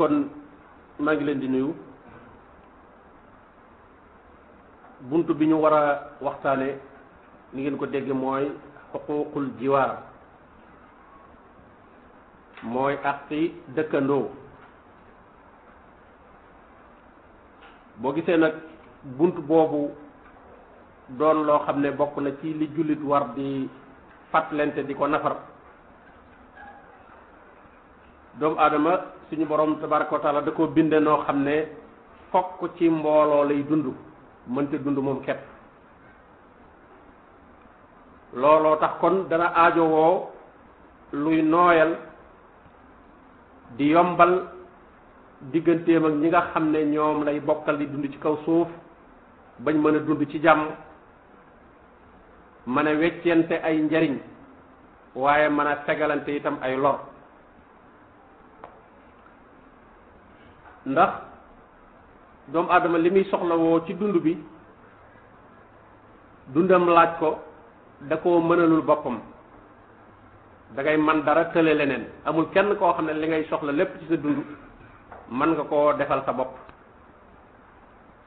kon maa ngi leen di nuyu bunt bi ñu war a waxtaane ni ngeen ko dégg mooy xuququl jiwaar mooy àqi dëkkandoo boo gisee nag bunt boobu doon loo xam ne bokk na ci li jullit war di fàttalante di ko nafar doomu aadama suñu borom tabaraka wa taala da koo binde noo xam ne fokk ci mbooloo lay dund mënta dund moom ket looloo tax kon dana aajowoo luy nooyal di yombal digganteem ak ñi nga xam ne ñoom lay bokkal di dund ci kaw suuf bañ mën a dund ci jàmm mën a weccente ay njariñ waaye mën a tegalante itam ay lor ndax doomu aadama li muy soxlawoo ci dund bi dundam laaj ko da koo mënalul boppam dangay ngay man dara tële leneen amul kenn koo xam ne li ngay soxla lépp ci sa dund mën nga koo defal sa bopp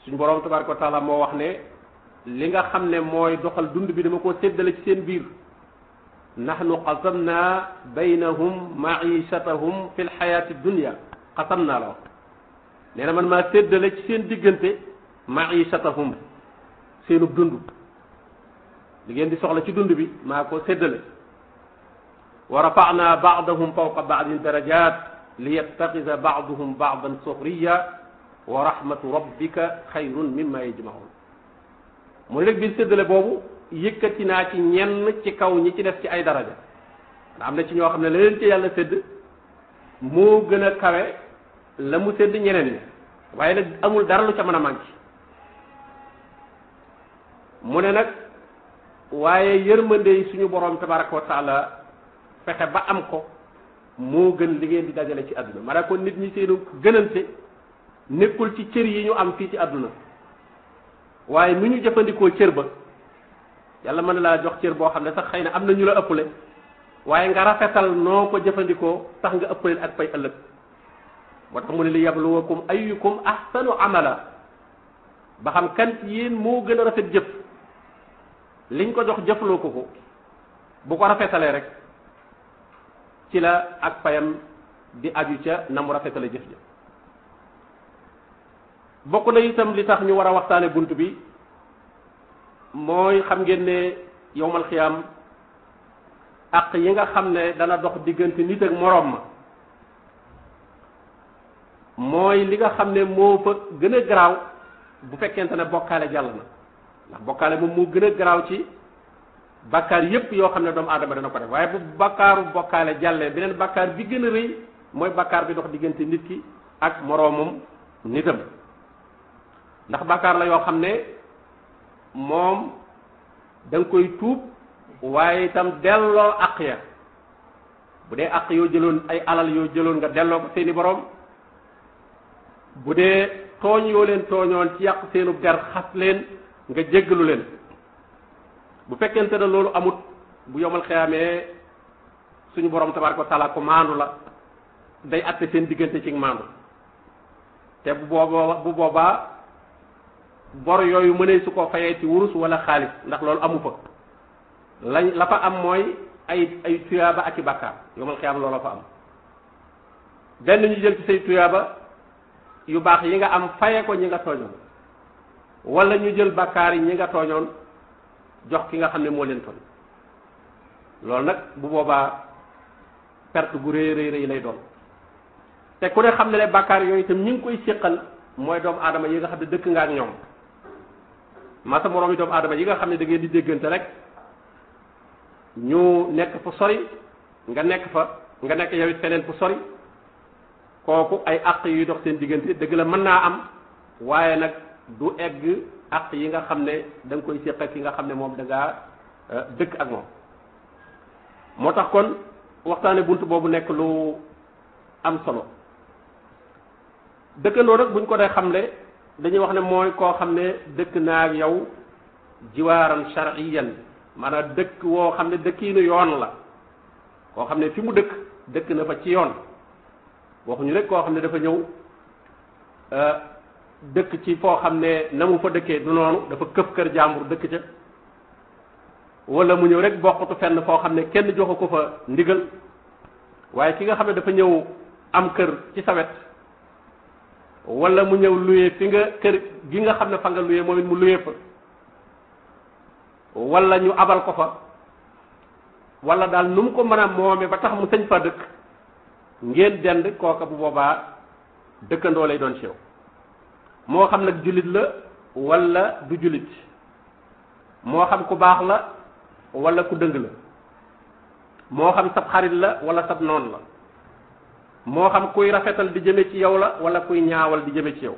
suñu boroom tabaaraka wa taala moo wax ne li nga xam ne mooy doxal dund bi dama koo séddale ci seen biir nahnu qasamna baynahum maichatahum fi l xayaati dunia qasam naa la wax nee na man maa séddale ci seen diggante maishatahum seenub dund li ngeen di soxla ci dund bi maa ko séddale wa rafaana baadahum fawqa baadin darajat li yattaxisa baaduhum baadan suxriya wa rahmatu rabbika xayrun mimma yajmaun mu ne rek biir séddale boobu yëkkati naa ci ñenn ci kaw ñi ci def ci ay daraja am na ci ñoo xam ne la leen ci yàlla sédd moo gën a kawe la mu sédd ñeneen ñi waaye nag amul dara lu ca mën a manqué mu ne nag waaye yërmande yi suñu borom tabaraka wa taala fexe ba am ko moo gën li ngeen di dajale ci àdduna maanaam kon nit ñi seenu gënante nekkul ci cër yi ñu am fii ci àdduna waaye nu ñu jëfandikoo cër ba yàlla mën na laa jox cër boo xam ne sax xëy na am na ñu la ëppale waaye nga rafetal noo ko jëfandikoo tax nga ëppale ak pay ëllëg moo tax mu ne li yabluwakum ayyukum ahsanu amala ba xam kan ci yéen moo gën a rafet jëf liñ ko dox jëfloo ko ko bu ko rafetalee rek ci la ak payam di aju ca na mu rafetale jëf ja bokk na itam li tax ñu war a waxtaane bunt bi mooy xam ngeen ne yowmal xiyaam ak yi nga xam ne dana dox diggante nit ak moroom ma mooy li nga xam ne moo fa gën a garaaw bu fekkente ne bokkaale jàll na ndax bokkaale moom moo gën a garaaw ci bakkaar yépp yoo xam ne doomu aadama dana ko def waaye bu bakkaaru bokkaale jàllee beneen bakkaar bi gën a rëy mooy bakkaar bi dox diggante nit ki ak moroomam nitam ndax bakkaar la yoo xam ne moom da koy tuub waaye itam delloo aq ya bu dee aq yoo jëloon ay alal yoo jëloon nga delloo ko seeni boroom bu dee tooñ yoo leen tooñoon ci yàq seenu der xas leen nga jéggalu leen bu fekkente ne loolu amut bu yomal xiyaamee suñu boroom tabaraka wa taala ko maandu la day atte seen diggante ci maandu te bu boobaa bu boobaa bor yooyu mënee su ko fayee ci wurus wala xaalis ndax loolu amu fa lañ la fa am mooy ay ay tuyaaba ak i bàkkaar yomal xiyaam loola fa am benn ñu jël ci say tuyaaba yu baax yi nga am faye ko ñi nga tooñoon wala ñu jël bakkaar yi ñi nga tooñoon jox ki nga xam ne moo leen tooñ loolu nag bu boobaa perte gu rëy rëy rëy lay doon te ku ne xam ne ne bakkaar yooyu tam ñi ngi koy séqal mooy doomu aadama yi nga xam ne dëkk nga ak ñoom ma sa moroom yi doomu aadama yi nga xam ne da ngeen di déggante rek ñu nekk fu sori nga nekk fa nga nekk yow it feneen fu sori kooku ay àq yuy dox seen diggante dëgg la mën naa am waaye nag du egg àq yi nga xam ne danga koy séq ak ki nga xam ne moom da euh, dëkk ak moom moo tax kon waxtaane bunt boobu nekk lu am solo dëkkandoo nag buñ ko dee xamle dañuy wax ne mooy koo xam ne dëkk naa ak yow jiwaaran shar'iyan maanaam dëkk woo xam ne dëkk yi dëkkiinu yoon la koo xam ne fi mu dëkk dëkk na fa ci yoon waxuñu rek koo xam ne dafa ñëw euh, dëkk ci foo xam ne na mu fa dëkkee du noonu dafa këf kër jàmbur dëkk ca wala mu ñëw rek bokkatu fenn foo xam ne kenn joxu ko fa ndigal waaye ki nga xam ne dafa ñëw am kër ci sa wet wala mu ñëw luye fi nga kër gi nga xam ne fa nga luye moom it mu luye fa wala ñu abal ko fa wala daal nu mu ko mën a moomee ba tax mu sëñ fa dëkk ngeen dend kooka bu boobaa dëkkandoo lay doon ci yow moo xam nag jullit la wala du jullit moo xam ku baax la wala ku dëng la moo xam sab xarit la wala sab noon la moo xam kuy rafetal di jëme ci yow la wala kuy ñaawal di jëme ci yow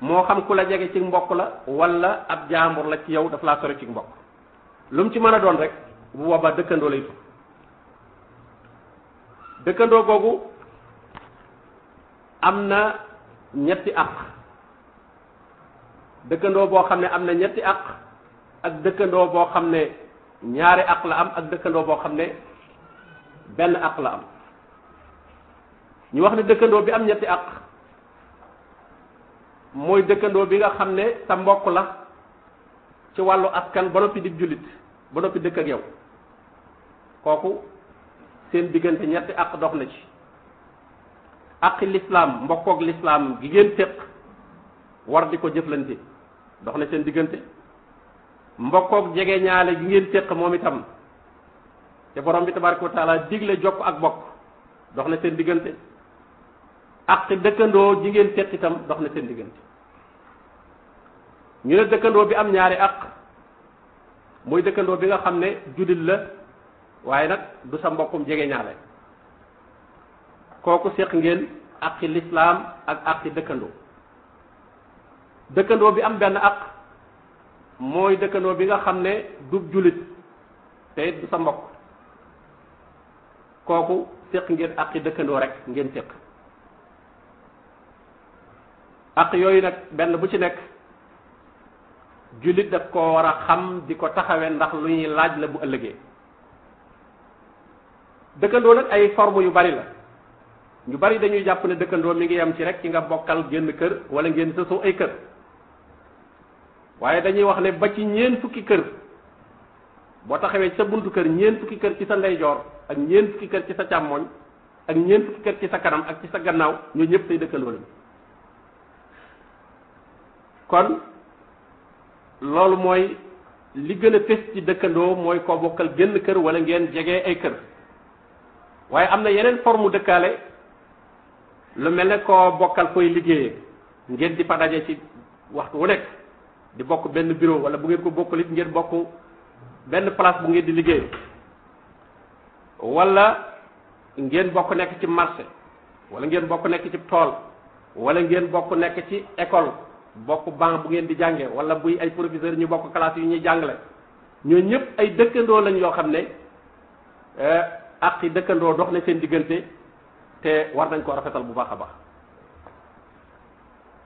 moo xam ku la jege ci mbokk la walla ab jaambur la ci yow daf laa sore ci mbokk lu mu ci mën a doon rek bu boobaa dëkkandoo lay tudd dëkkandoo googu am na ñetti àq dëkkandoo boo xam ne am na ñetti àq ak dëkkandoo boo xam ne ñaari àq la am ak dëkkandoo boo xam ne benn àq la am ñu wax ne dëkkandoo bi am ñetti àq mooy dëkkandoo bi nga xam ne sa mbokk la ci wàllu askan ba noppi di jullit ba noppi dëkk ak yow kooku seen diggante ñetti àq dox na ci àqi lislaam mbokkook lislaam gi ngeen téq war di ko jëflante dox na seen diggante mbokkook jege ñaale gi ngeen téq moom itam te borom bi tabaraka wa taala digle jokk ak bokk dox na seen diggante àqi dëkkandoo ji ngeen téq itam dox na seen diggante ñu ne dëkkandoo bi am ñaari àq mooy dëkkandoo bi nga xam ne jullit la waaye nag du sa mbokkum jege ñaale kooku séq ngeen aqi lislaam ak aqi dëkkandoo dëkkandoo bi am benn aq mooy dëkkandoo bi nga xam ne du jullit te du sa mbokk kooku séq ngeen aqi dëkkandoo rek ngeen séq aq yooyu nag benn bu ci nekk jullit daf ko war a xam di ko taxawee ndax lu ñuy laaj la bu ëllëgee dëkkandoo nag ay forme yu bari la ñu bari dañuy jàpp ne dëkkandoo mi ngi yem ci rek ci nga bokkal génn kër wala ngeen sësoo ay kër waaye dañuy wax ne ba ci ñeen fukki kër boo taxawee ci sa buntu kër ñeen fukki kër ci sa ndeyjoor ak ñeen fukki kër ci sa càmmoñ ak ñeen fukki kër ci sa kanam ak ci sa gannaaw ñoo ñëpp say dëkkandoo lañu kon loolu mooy li gën a fés ci dëkkandoo mooy koo bokkal génn kër wala ngeen jege ay kër waaye am na yeneen forme dëkkaale lu mel ne koo bokkal koy liggéeyee ngeen di fa daje ci waxtu wu nekk di bokk benn bureau wala bu ngeen ko bokkul it ngeen bokk benn place bu ngeen di liggéey wala ngeen bokk nekk ci marché wala ngeen bokk nekk ci tool wala ngeen bokk nekk ci école bokk banc bu ngeen di jànge wala buy ay professeur ñu bokk classe yu ñuy jàngale ñoo ñëpp ay dëkkandoo lañ yoo xam ne euh, ak yi dëkkandoo dox na seen diggante te war nañ ko rafetal bu baax a baax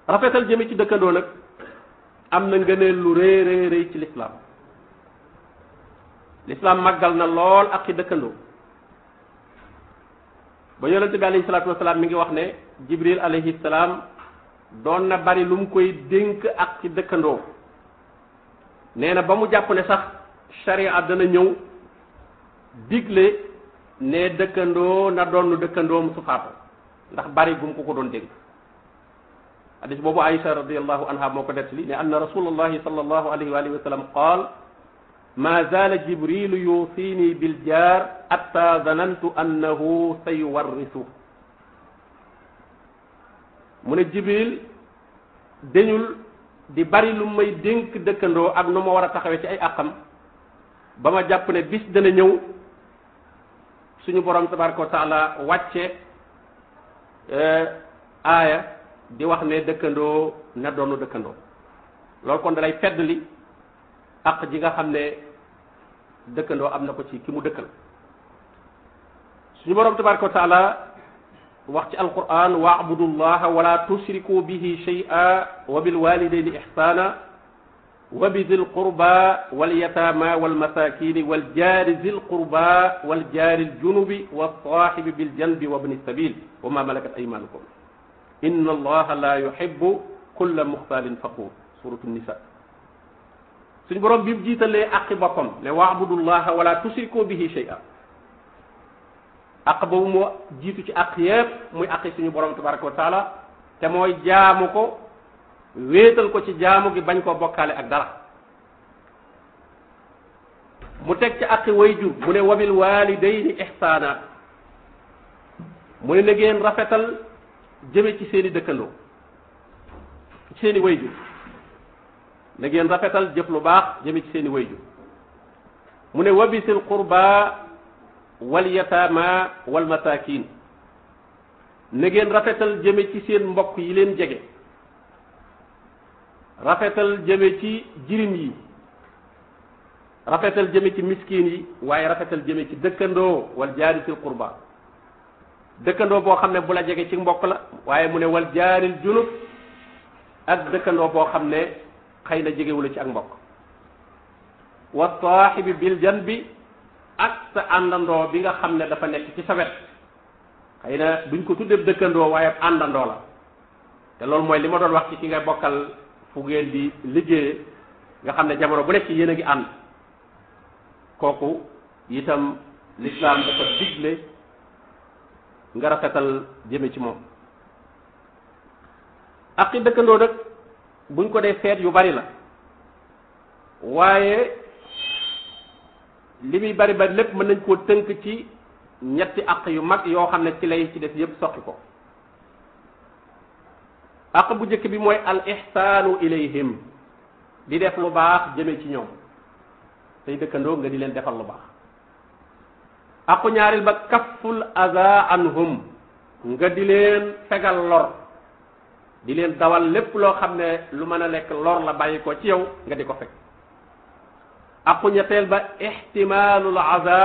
rafetal jëme ci dëkkandoo nag am na ngëneel lu rëy rëy rëy ci lislaam lislaam màggal na lool ak yi dëkkandoo ba yonente bi alayhi mi ngi wax ne jibril alayhi salaam doon na bari lu mu koy dénk ak ci dëkkandoo nee na ba mu jàpp ne sax sharia dana ñëw digle ne dëkkandoo na doon dëkkandoom su faatu ndax bari gum ko ko doon dégg hadis boobu Aïcha radiallahu anha moo ko nettali ne anna rasulallahi sallallahu alayhi wa alihi wa sallam qaal ma zaala jibrilu yuusini bil jaar hatta danantu annahu sayuwarrisu mu ne jibril dañul di bari lu may dénk dëkkandoo ak nu ma war a taxawee ci ay àqam ba ma jàpp ne bis dana ñëw suñu borom tabaraka wa taala wàcce euh, aaya di wax ne dëkkandoo na doonu dëkkandoo loolu kon dalay fedd li ak ji nga xam ne dëkkandoo am na ko ci ki mu dëkkal suñu borom tabaraka wa taala wax ci alquran waabudullaha wala tusriku bihi shay'a wa bil walidayni ihsana wa bi dil qurba wal yataama wal masaakiini wal jaari dil qurba wal jaari junubi wa saaxibi bil janbi wa bni sabil wa ma malakat aymaanukum inna allaha la yuhibbu kulla muxtaalin faquur suratu nisa suñ borom bi mu jiitalee aqi boppam ne waabudullaha wala tusriku bihi shay'a aq boobu moo jiitu ci aq yépp muy aqi suñu borom tabaraka wa taala te mooy jaamu ko wéetal ko ci jaamu gi bañ koo bokkaale ak dara mu teg ci aqi wayjur mu ne wabil waalidayni ihsaana mu ne na ngeen rafetal jëme ci seeni dëkkandoo seeni wayjur na rafetal jëf lu baax jëme ci seeni wayjur mu ne wabisil qurba wal yataama wal masaakin na ngeen rafetal jëme ci seen mbokk yi leen jege rafetal jëme ci jirim yi rafetal jëme ci miskin yi waaye rafetal jëme ci dëkkandoo wal ci qurba dëkkandoo boo xam ne bu la jege ci mbokk la waaye mu ne wal jaaril junub ak dëkkandoo boo xam ne xëy na jegewula ci ak mbokk wa bi bil bi ak sa àndandoo bi nga xam ne dafa nekk ci sa wet xëy na duñ ko tuddee dëkkandoo waaye àndandoo la te loolu mooy li ma doon wax ci ki nga bokkal fu ngeen di liggéeye nga xam ne jamono bu nekk yéen a ngi ànd kooku itam lislaam dafa digle nga rafetal jëme ci moom ak i dëkkandoo nag buñ ko dee feet yu bari la waaye li muy bari bari lépp mën nañ koo tënk ci ñetti ak yu mag yoo xam ne ci lay ci def yépp soqi ko àq bu njëkk bi mooy al ihsaanu ilayhim di def lu baax jëme ci ñoom say dëkkandoo nga di leen defal lu baax aqu ñaaril ba kafful aza anhum di leen fegal lor di leen dawal lépp loo xam ne lu mën a nekk lor la bàyyi ko ci yow nga di ko fekk aqu ñetteel ba ihtimalul aza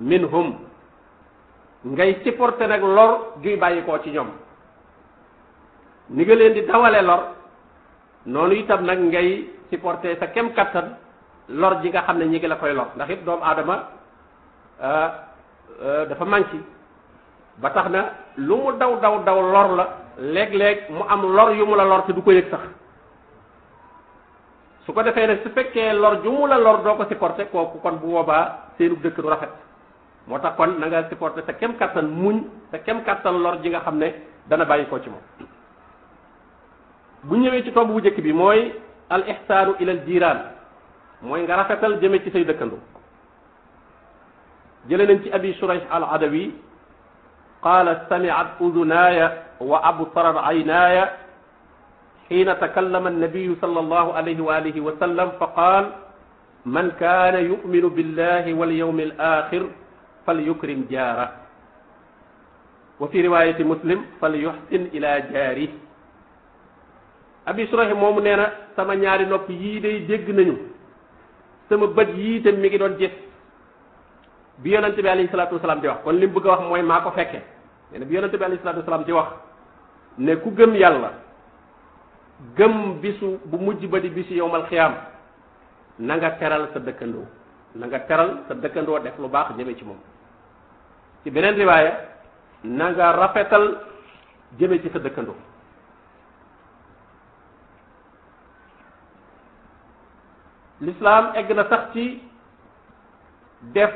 minhum ngay supporter nag lor juy bàyyi ko ci ñoom ni nga leen di dawale lor noonu itam nag ngay supporter sa kem kattan lor ji nga xam ne ñi ngi la koy lor ndax it doomu aadama euh, euh, dafa manqué ba tax na lu mu daw daw daw lor la léeg-léeg mu am lor yu mu la lor te du ko yëg sax su ko defee nag su fekkee lor ju mu la lor doo ko supporter kooku kon bu boobaa seenu dëkk du rafet moo tax kon na nga supporter sa kem kattan muñ sa kem kattan lor ji nga xam ne dana bàyyi ko ci moom bu ñëwee ci tomb bu njëkk bi mooy al ihsaanu ilal jiraan mooy nga rafetal jëme ci say dëkkandoo jële nañ ci abi shurayh al adawi qaala samiat udunaaya wa absarat aynaaya xiina takallama annabiyu sal allahu alayhi wa alihi wa sallam fa qaal man kaana yuminu billahi wal yawmi al axir fal yukrim jaara wa fi riwayati muslim fal yuxsin ila jaari abi surahi moomu nee na sama ñaari nopp yii day dégg nañu sama bët yii itam mi ngi doon gis bi yonente bi alayhi salatu wasalaam di wax kon li mu bëgg a wax mooy maa ko fekke nee na bi yonente bi alayhi salatu wasalaam di wax ne ku gëm yàlla gëm bisu bu mujj ba di bisu yowmal xiyaam na nga teral sa dëkkandoo na nga teral sa dëkkandoo def lu baax jëme ci moom ci beneen riwaaya na nga rafetal jëme ci sa dëkkandoo lislaam egg na sax ci def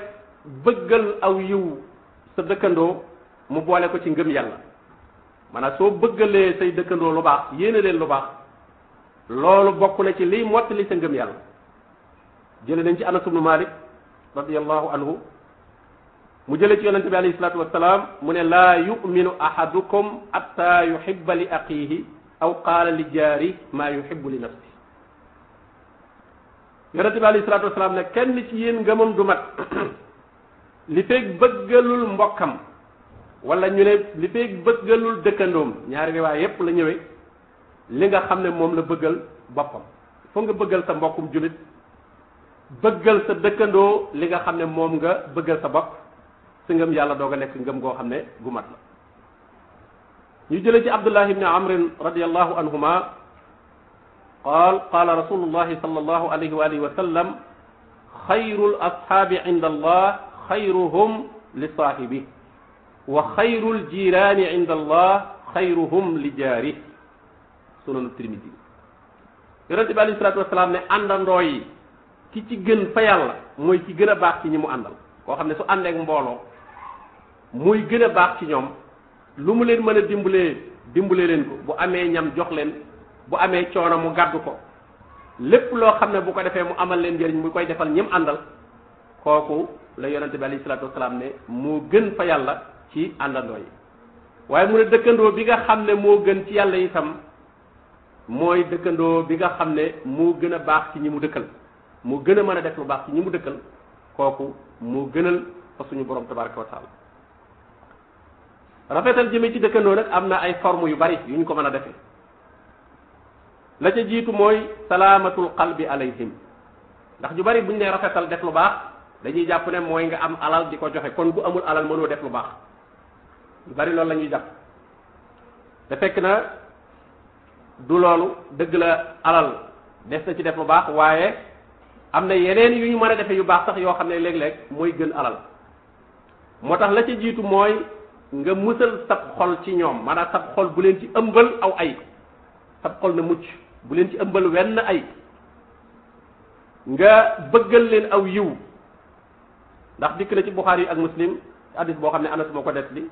bëggal aw yiw sa dëkkandoo mu boole ko ci ngëm yàlla maanaam soo bëggalee say dëkkandoo lu baax yéene leen lu baax loolu bokk na ci liy mottali sa ngëm yàlla jële nañ ci anas ibnu malik radiallahu anhu mu jële ci yonente bi alayhi salatu wasalaam mu ne laa yuminu ahadukum hatta yuhibba li aqihi aw qaala li jaari maa yuhibbu li nafsi yonente bi alayhi salaatu wasalaam ne kenn ci yéen ngëmam du mat li feeg bëggalul mbokkam wala ñu ne li feeg bëggalul dëkkandoom ñaari riwaay yépp la ñëwee li nga xam ne moom la bëggal boppam foo nga bëggal sa mbokkum jullit bëggal sa dëkkandoo li nga xam ne moom nga bëggal sa bopp si ngëm yàlla doog a nekk ngëm goo xam ne gu mat la ñu jëlee ci abdullah ibni amrin radiallahu anhuma qaal qaala rasulullahi sallallahu alayhi wa alihi wa sallam xayrul ashaabi inda allah xayruhum li saahibi wa xayrul jiiraani inda allah xayruhum li jaari sunanu tirmidi yonente bi alayhi salaatu wasalaam ne àndandoo yi ki ci gën fa yàlla mooy ci gën a baax ci ñi mu àndal koo xam ne su àndeek mbooloo mooy gën a baax ci ñoom lu mu leen mën a dimbalee dimbale leen ko bu amee ñam jox leen bu amee coono mu gàddu ko lépp loo xam ne bu ko defee mu amal leen njëriñ mu koy defal ñim àndal kooku la yonente bi alayhi salaatu wasalaam ne moo gën fa yàlla ci àndandoo yi waaye mu ne dëkkandoo bi nga xam ne moo gën ci yàlla itam mooy dëkkandoo bi nga xam ne moo gën a baax ci ñi mu dëkkal moo gën a mën a def lu baax ci ñi mu dëkkal kooku moo gënal fa suñu borom tabaraka wa taala rafetal jëme ci dëkkandoo nag am na ay forme yu bari yu ñu ko mën a defee la ca jiitu mooy salaamatul qalbi alayhim ndax ñu bari buñ ne rafetal def lu baax dañuy jàpp ne mooy nga am alal di ko joxe kon ku amul alal mënoo def lu baax ñu bari loolu lañuy ñuy jàpp te fekk na du loolu dëgg la alal def na ci def lu baax waaye am na yeneen yu ñu mën a defe yu baax sax yoo xam ne léeg-léeg mooy gën alal moo tax la ca jiitu mooy nga musal sab xol ci ñoom a sab xol bu leen ci ëmbal aw ay sab xol na mucc bu leen ci ëmbal wenn ay nga bëggal leen aw yiw ndax dikk na ci buxaar ak muslim hadis boo xam ne anas moo ko det li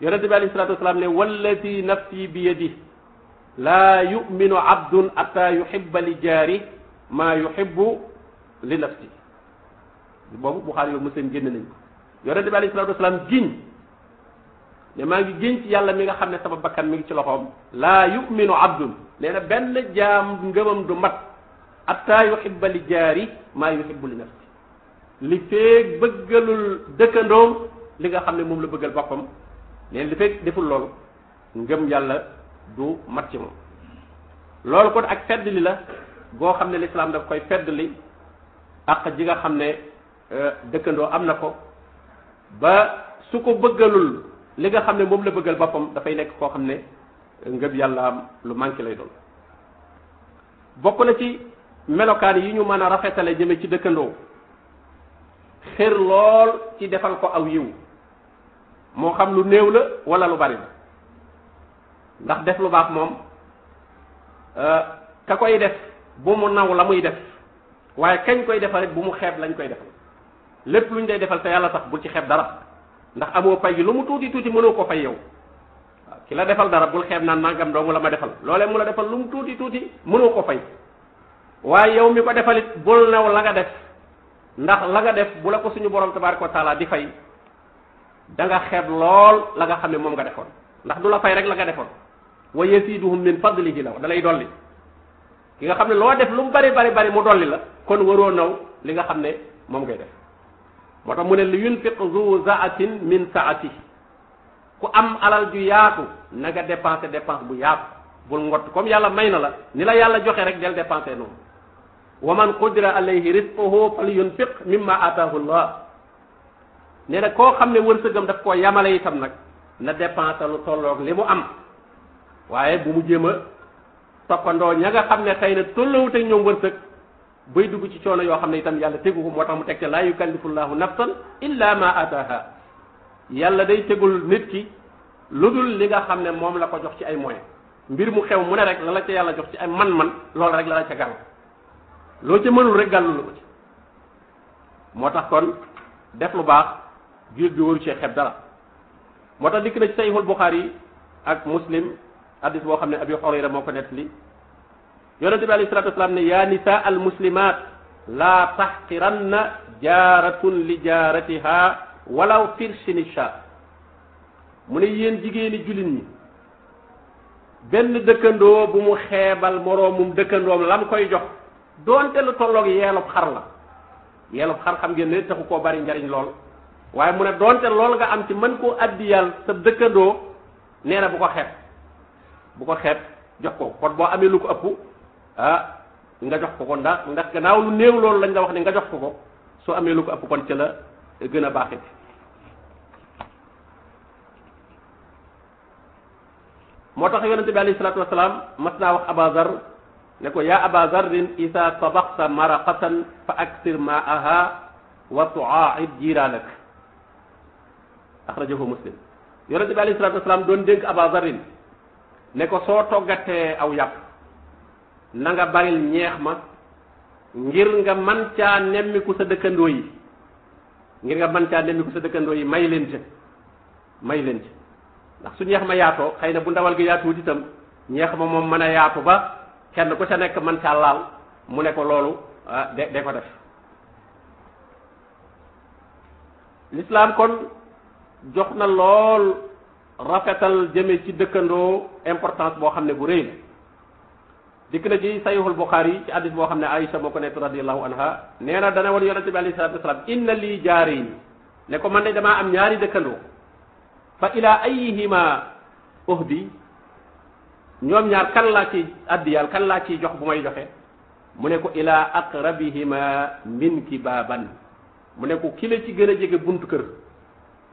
yonente bi alayhi salatu wasalaam ne wallati nafsi bi yadi laa yuminu abdun atta yuhibba li jaari maa yuhibbu li nafsi boobu buxaar yooyu muslim génn nañ ko yonente bi alayhi giñ ne maa ngi giñ ci yàlla mi nga xam ne sama bakkan mi ngi ci loxoom laa yuminu abdun nee benn jaam ngëmam du mat atta yuhibba li jaari maa yuhibbu li nafsi li feeg bëggalul dëkkandoom li nga xam ne moom la bëggal boppam nee li feeg deful lool ngëm yàlla du mat ci moom loolu kon ak fedd li la goo xam ne lislaam daf koy fedd li ak ji nga xam ne euh, dëkkandoo am na ko ba su ko bëggalul li nga xam ne moom la bëggal boppam dafay nekk koo xam ne ngëb am lu manqué lay doon bokk na ci melokaan yi ñu mën a rafetale jëme ci dëkkandoo xër lool ci defal ko aw yiw moo xam lu néew la wala lu bari la ndax def lu baax moom euh, ka koy def bu mu naw la muy def waaye kañ koy defal bu mu xeeb lañ koy def lépp lu ñu day defal te yàlla tax bu ci xeeb dara ndax amoo pay gi lu mu tuuti tuuti mënoo ko fay yow ki la defal dara bul xeeb naan nangam doomu la ma defal loolee mu la defal lu mu tuuti tuuti mënoo ko fay waaye yow mi ko defalit bul new la nga def ndax la nga def bu la ko suñu borom tabaraka wa di fay danga nga xeeb lool la nga xam ne moom nga defoon ndax du la fay rek la nga defoon wa yasiduhum min fadlihi la da dalay dolli ki nga xam ne loo def lu mu bari bari bari mu dolli la kon waroo naw li nga xam ne moom ngay def moo tax mu ne li yunfiq zu ku am alal ju yaatu na nga dépenser dépense bu yaatu bul ngott comme yàlla may na la ni la yàlla joxe rek del dépenser noonu wa man qudira alayhi rizquhu falyunfiq mimma ataahu allah nee na koo xam ne wërsëgam daf koo yamale tam nag na dépenser lu tolloog li mu am waaye bu mu jéem a toppandoo ña nga xam ne xëy na tolloowut ak ñoom wërsëg bay dugg ci coono yoo xam ne itam yàlla tegu ko moo tax mu teg te laa yukallifu llahu nafsan illa ma ataaha yàlla day tegul nit ki lu dul li nga xam ne moom la ko jox ci ay moyens mbir mu xew mu ne rek la la ca yàlla jox ci ay man-man loolu rek la la ca gàll loo ca mënul rek gàllu la ko ci moo tax kon def lu baax jur bi waru cee xeb dara moo tax dikk na ci sayxul Buxaari yi ak muslim hadis boo xam ne Abi Hurayra moo ko nettali yonente bi alayhi salatu wasalaam ne yaa nisaa al muslimat laa taxqiranna jaaratun li jaaratiha walaw firsini chat mu ne yéen jigéeni jullit ñi benn dëkkandoo bu mu xeebal moroomum dëkkandoom lam koy jox doonte lu tolloog yeelub xar la yeelub xar xam ngeen ne taxu koo bari njariñ lool waaye mu ne doonte lool nga am ci man koo addiyal sa dëkkandoo nee na bu ko xeeb bu ko xeeb jox ko kon boo amee lu ko ëpp ah nga jox ko ko ndax ndax gannaaw lu néew loolu lañ la wax ne nga jox ko ko soo amee lu ko ëpp kon ci la gën a baaxit moo tax yonente bi alayhi salaatu wasalaam mas naa wax abazar ne ko yaa abazarrin isa tabaxta maraqatan fa aksir maaha wa tuaid jiraanak axrajahu muslim yonente bi alayhi salaatu wasalaam doon dénk abazarrin ne ko soo toggatee aw yàpp na baril ñeex ma ngir nga man caa nemmiku sa dëkkandoo yi ngir nga man caa nemmi ko sa dëkkandoo yi may leen ca may leen ca ndax su ñeex ma yaatoo xay na bu ndawal gi yaatuwut itam ñeex ma moom mën a yaatu ba kenn ku ca nekk mën caa laal mu ne ko loolu ah, de de ko def l'islam kon jox na lool rafetal jëme ci dëkkandoo importance boo xam ne bu rëy la dikk na ci sayihul Buxaari ci hadis boo xam ne Aïcha moo ko nekk radiallahu anha nee na dana woon yonente bi alayhi salatu wasalaam inna lii jaariin ne ko man de damaa am ñaari dëkkandoo fa ila ayihima uhdi ñoom ñaar kan laa ci addiyal kan laa ciy jox bu may joxe mu ne ko ila aqrabihima minki baaban mu ne ko ki la ci gën a jege buntu kër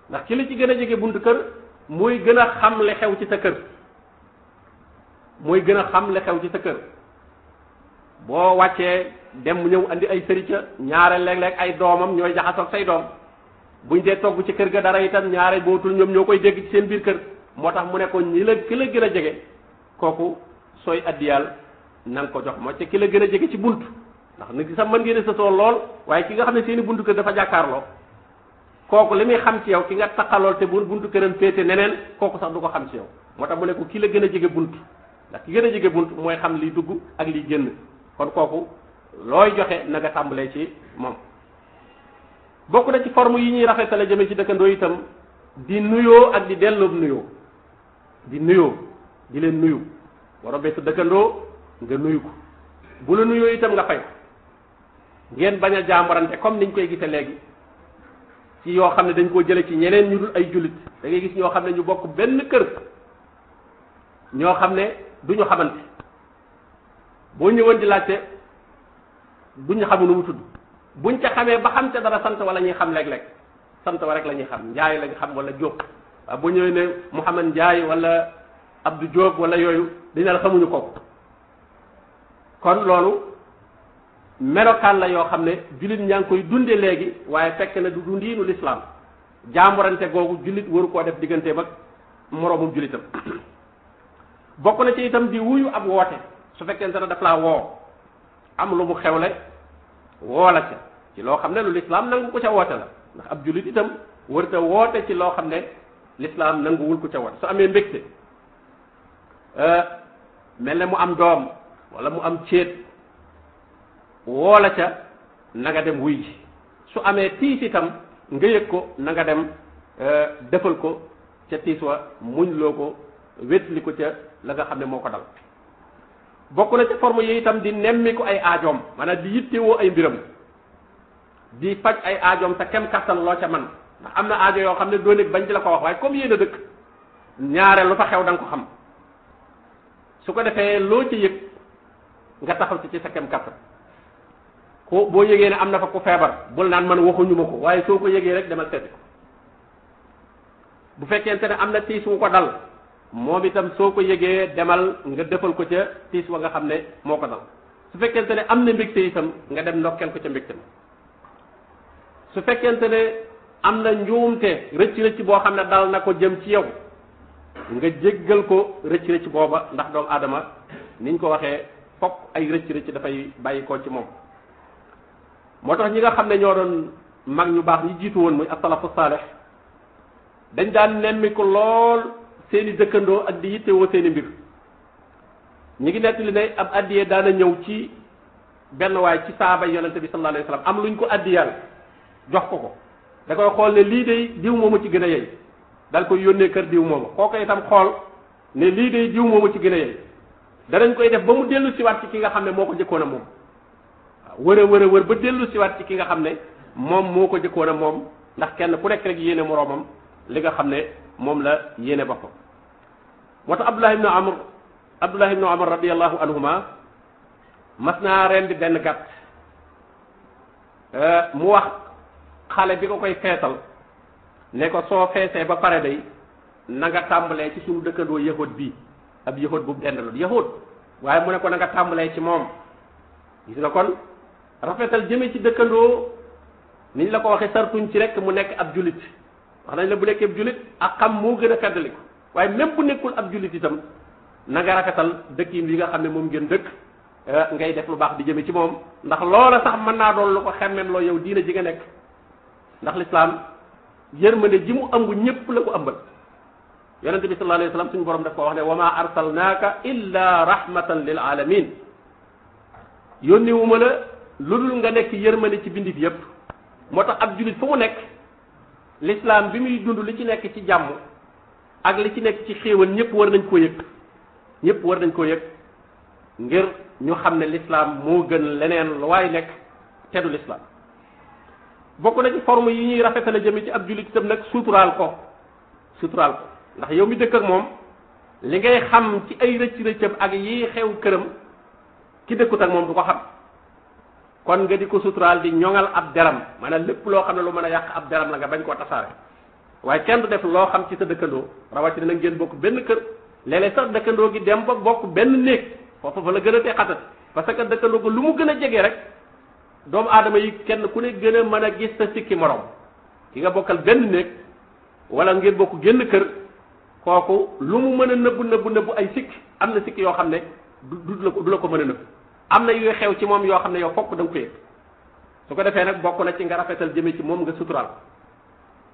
ndax ki la ci gën a jege buntu kër muy gën a xam li xew ci sa kër mooy gën a xam la xew ci sa kër boo wàccee dem mu ñëw andi ay sërica ñaare léeg-léeg ay doomam ñooy jaxasoog say doom buñ dee togg ci kër ga dara itam ñaare bootul ñoom ñoo koy dégg ci seen biir kër moo tax mu ne ko ñi la ki a jege kooku sooy addiyaal na nga ko jox ma ci ki gën a jege ci bunt ndax nit ki sax mën ngeen a sësoo lool ki nga xam ne seeni buntu kër dafa jàkkaarloo kooku li muy xam ci yow ki nga taqalool te bu buntu këram féete neneen kooku sax du ko xam ci yow moo tax mu ne ko la gën a jege bunt ndax ki gën a jege bunt mooy xam liy dugg ak liy génn kon kooku looy joxe na nga tàmbalee ci moom bokk na ci forme yi ñuy rafetale jëme ci dëkkandoo itam di nuyoo ak di delloob nuyoo di nuyoo di leen nuyu boo robee sa dëkkandoo nga nuyu ko bu la nuyoo itam nga fay ngeen bañ a jaambarante comme niñ koy gise léegi ci yoo xam ne dañ koo jële ci ñeneen ñu dul ay jullit da gis ñoo xam ne ñu bokk benn kër ñoo xam ne du ñu xamante boo ñëwoon di laajte du ñu xamu nu mu tudd buñ ca xamee ba xam ca dara sant wala ñuy xam léeg-léeg sant wa rek lañuy ñuy xam njaay lañ xam wala jóob waaw bu ñëwee ne Mouhamad Njaay wala abdu Jóob wala yooyu dañ la xamuñu kooku kon loolu melokaan la yoo xam ne jullit ñaa koy dundee léegi waaye fekk na du dundiinu lislaam jaamurante googu jullit waru koo def digganteem mag moroomum jullitam bokk na ci itam di wuyu ab woote su fekkente ne daf laa woo am lu mu xewle woo la ca ci loo xam ne lu lislaam nangu ko ca woote la ndax ab jullit itam wërta woote ci loo xam ne lislaam nanguwul ko ca woote su amee mbégte euh, mel ne mu am doom walla mu am céet woo la ca nanga dem wuy ji su amee tiis itam nga yëg ko nanga nga dem euh, defal ko ca tiis wa muñ loo ko wétli ko ca la nga xam ne moo ko dal bokk na ca forme yi itam di nemmiku ay aajoom maanaam di yittewoo ay mbiram di faj ay aajoom te kem kattan loo ca man ndax am na aajo yoo xam ne doo nekk bañ di la ko wax waaye comme yéen a dëkk ñaare lu fa xew danga nga ko xam su ko defee loo ci yëg nga taxaw ci ci sa kem kattan ko boo yëgee ne am na fa ku feebar bul naan man waxuñu ma ko waaye soo ko yëgee rek demal seeti ko bu fekkente ne am na tiis wu ko dal moom itam soo ko yëgee demal nga defal ko ca tiis wa nga xam ne moo ko dal su fekkente ne am na mbégte itam nga dem ndokkeel ko ca mbégte ma su fekkente ne am na njuumte rëcc rëcc boo xam ne dal na ko jëm ci yow nga jéggal ko rëcc rëcc booba ndax doomu aadama niñ ko waxee fokk ay rëcc rëcc dafay bàyyi koo ci moom moo tax ñi nga xam ne ñoo doon mag ñu baax ñi jiitu woon muy asalafu saalix dañ daan nemmiku lool seeni dëkkandoo ak di yittewoo seeni mbir ñu ngi nettali ne ab addiyee daana ñëw ci benn waay ci saaba yonente bi sallallahu alayhi wasallam am luñ ko addiyal jox ko ko da koy xool ne lii day diw moomu ci gën a yey dal koy yónnee kër diw moomu kooku itam xool ne lii day diw moomu ci gën danañ koy def ba mu dellu siwaat ci ki nga xam ne moo ko jëkkoon a moom wër a wër a wër ba dellu siwaat ci ki nga xam ne moom moo ko jëkkoon a moom ndax kenn ku nekk rek yéene moroomam li nga xam ne moom la yéene boppam moo tax abdullah ibnu amr abdullah ibnu amr radiallahu anhuma mas naa rendi benn gàtt euh, mu wax xale bi ko koy feesal ne ko soo feesee ba pare day na tàmbalee ci suñu dëkkandoo yahud bi ab yahud bu dendaloon yahud waaye mu ne ko na nga tàmbalee ci moom gis nga kon rafetal jëme ci dëkkandoo niñ la ko waxee sartuñ ci rek mu nekk ab jullit wax nañ la bu nekkee jullit ak xam moo gën a feddaliku waaye même bu nekkul ab jullit itam na nga rafetal dëkk yi nga xam ne moom ngeen dëkk eh, ngay def lu baax di jëme ci moom ndax loola sax mën naa doon lu ko xemmem loo yow diina ji nga nekk ndax lislaam yërmande ji mu ëmb ñépp la ko ëmbal yonente bi sallallahu alayhi wasallam suñu borom daf ko wax ne wa maa arsalnaaka illa rahmatan lil alamin yónniwuma la lu dul nga nekk yërmande ci bindif yépp moo tax ab jullit fu mu nekk l'islam bi muy dund li ci nekk ci jàmm ak li ci nekk ci xéewal ñëpp war nañ koo yëg ñëpp war nañ koo yëg ngir ñu xam ne l'islam moo gën leneen lu waaye nekk te du bokk na ci forme yi ñuy rafetale jëme ci ab jullit tam nag suturaal ko suturaal ko ndax yow mi dëkk ak moom li ngay xam ci ay rëcc rëccam ak yi xew këram ki dëkkut ak moom du ko xam kon nga di ko suturaal di ñoŋal ab deram maanaam lépp loo xam ne lu mën a yàq ab deram la nga bañ koo tasaare waaye kenn du def loo xam ci sa dëkkandoo rawatina nag ngeen bokk benn kër léeg-léeg sax dëkkandoo gi dem ba bokk benn néeg foofu fa la gën a te xatat parce que dëkkandoo ko lu mu gën a jege rek doomu aadama yi kenn ku ne gën a mën a gis sa sikki morom ki nga bokkal benn néeg wala ngeen bokk génn kër kooku lu mu mën a nëbbu nëbbu nëbbu ay sikk am na sikki yoo xam ne du du la ko la ko mën a nëbbu am na yuy xew ci moom yoo xam ne yow fokk da nga ko yëg su ko defee nag bokk na ci nga rafetal jëme ci moom nga suturaal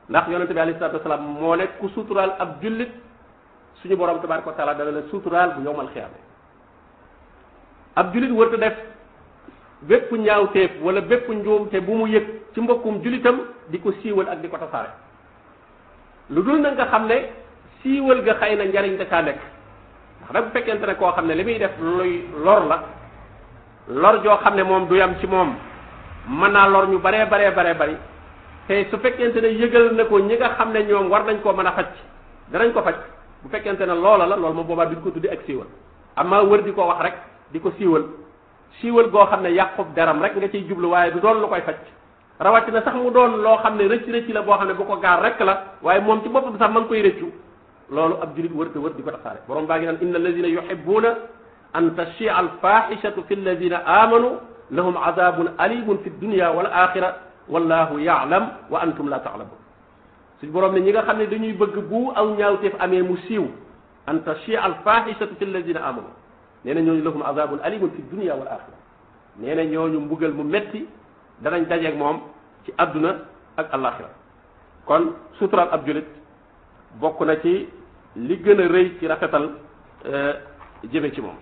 ndax yonente bi alayhi salatu wasalaam moo ne ku suturaal ab jullit suñu borom tabaraka wa taala dana la suturaal bu yowmal xiyaame ab jullit wërta def bépp ñaawteef wala bépp njuumte bu mu yëg ci mbokkum jullitam di ko siiwal ak di ko tasaare lu dul na nga xam ne siiwal ga xëy na njariñ da caa nekk ndax nag bu fekkente ne koo xam ne li muy def luy lor la lor joo xam ne moom du yam ci moom mën naa lor ñu baree baree baree bari te su fekkente ne yëgal na ko ñi nga xam ne ñoom war nañ koo mën a faj danañ ko faj bu fekkente ne loola la loolu moom boobaa duñ ko tuddi ak siiwal amma wër di ko wax rek di ko siiwal siiwal goo xam ne yàqub deram rek nga ciy jublu waaye du doon lu koy faj na sax mu doon loo xam ne rëcc rëcc la boo xam ne bu ko gaar rek la waaye moom ci boppam sax ma koy rëccu loolu ab julit wërta wër di ko tasaare borom baa ngi naan inna allazina yuhibbuna an tashia alfaxishatu fi alladina amanu lahum adabun alimun fi dunia wal axira wallahu yaalam wa antum la taalamun suñ borom ne ñi nga xam ne dañuy bëgg bu aw ñaawteef amee mu siiw an tashia alfaxishatu fi alladina amanu nee na ñooñu lahum adabun alimun fi dunia wal axira nee na ñooñu mbugal mu metti danañ dajeeg moom ci adduna ak alaxira kon suturaal ab julit bokk na ci li gën a rëy ci rafetal euh, jëme ci moom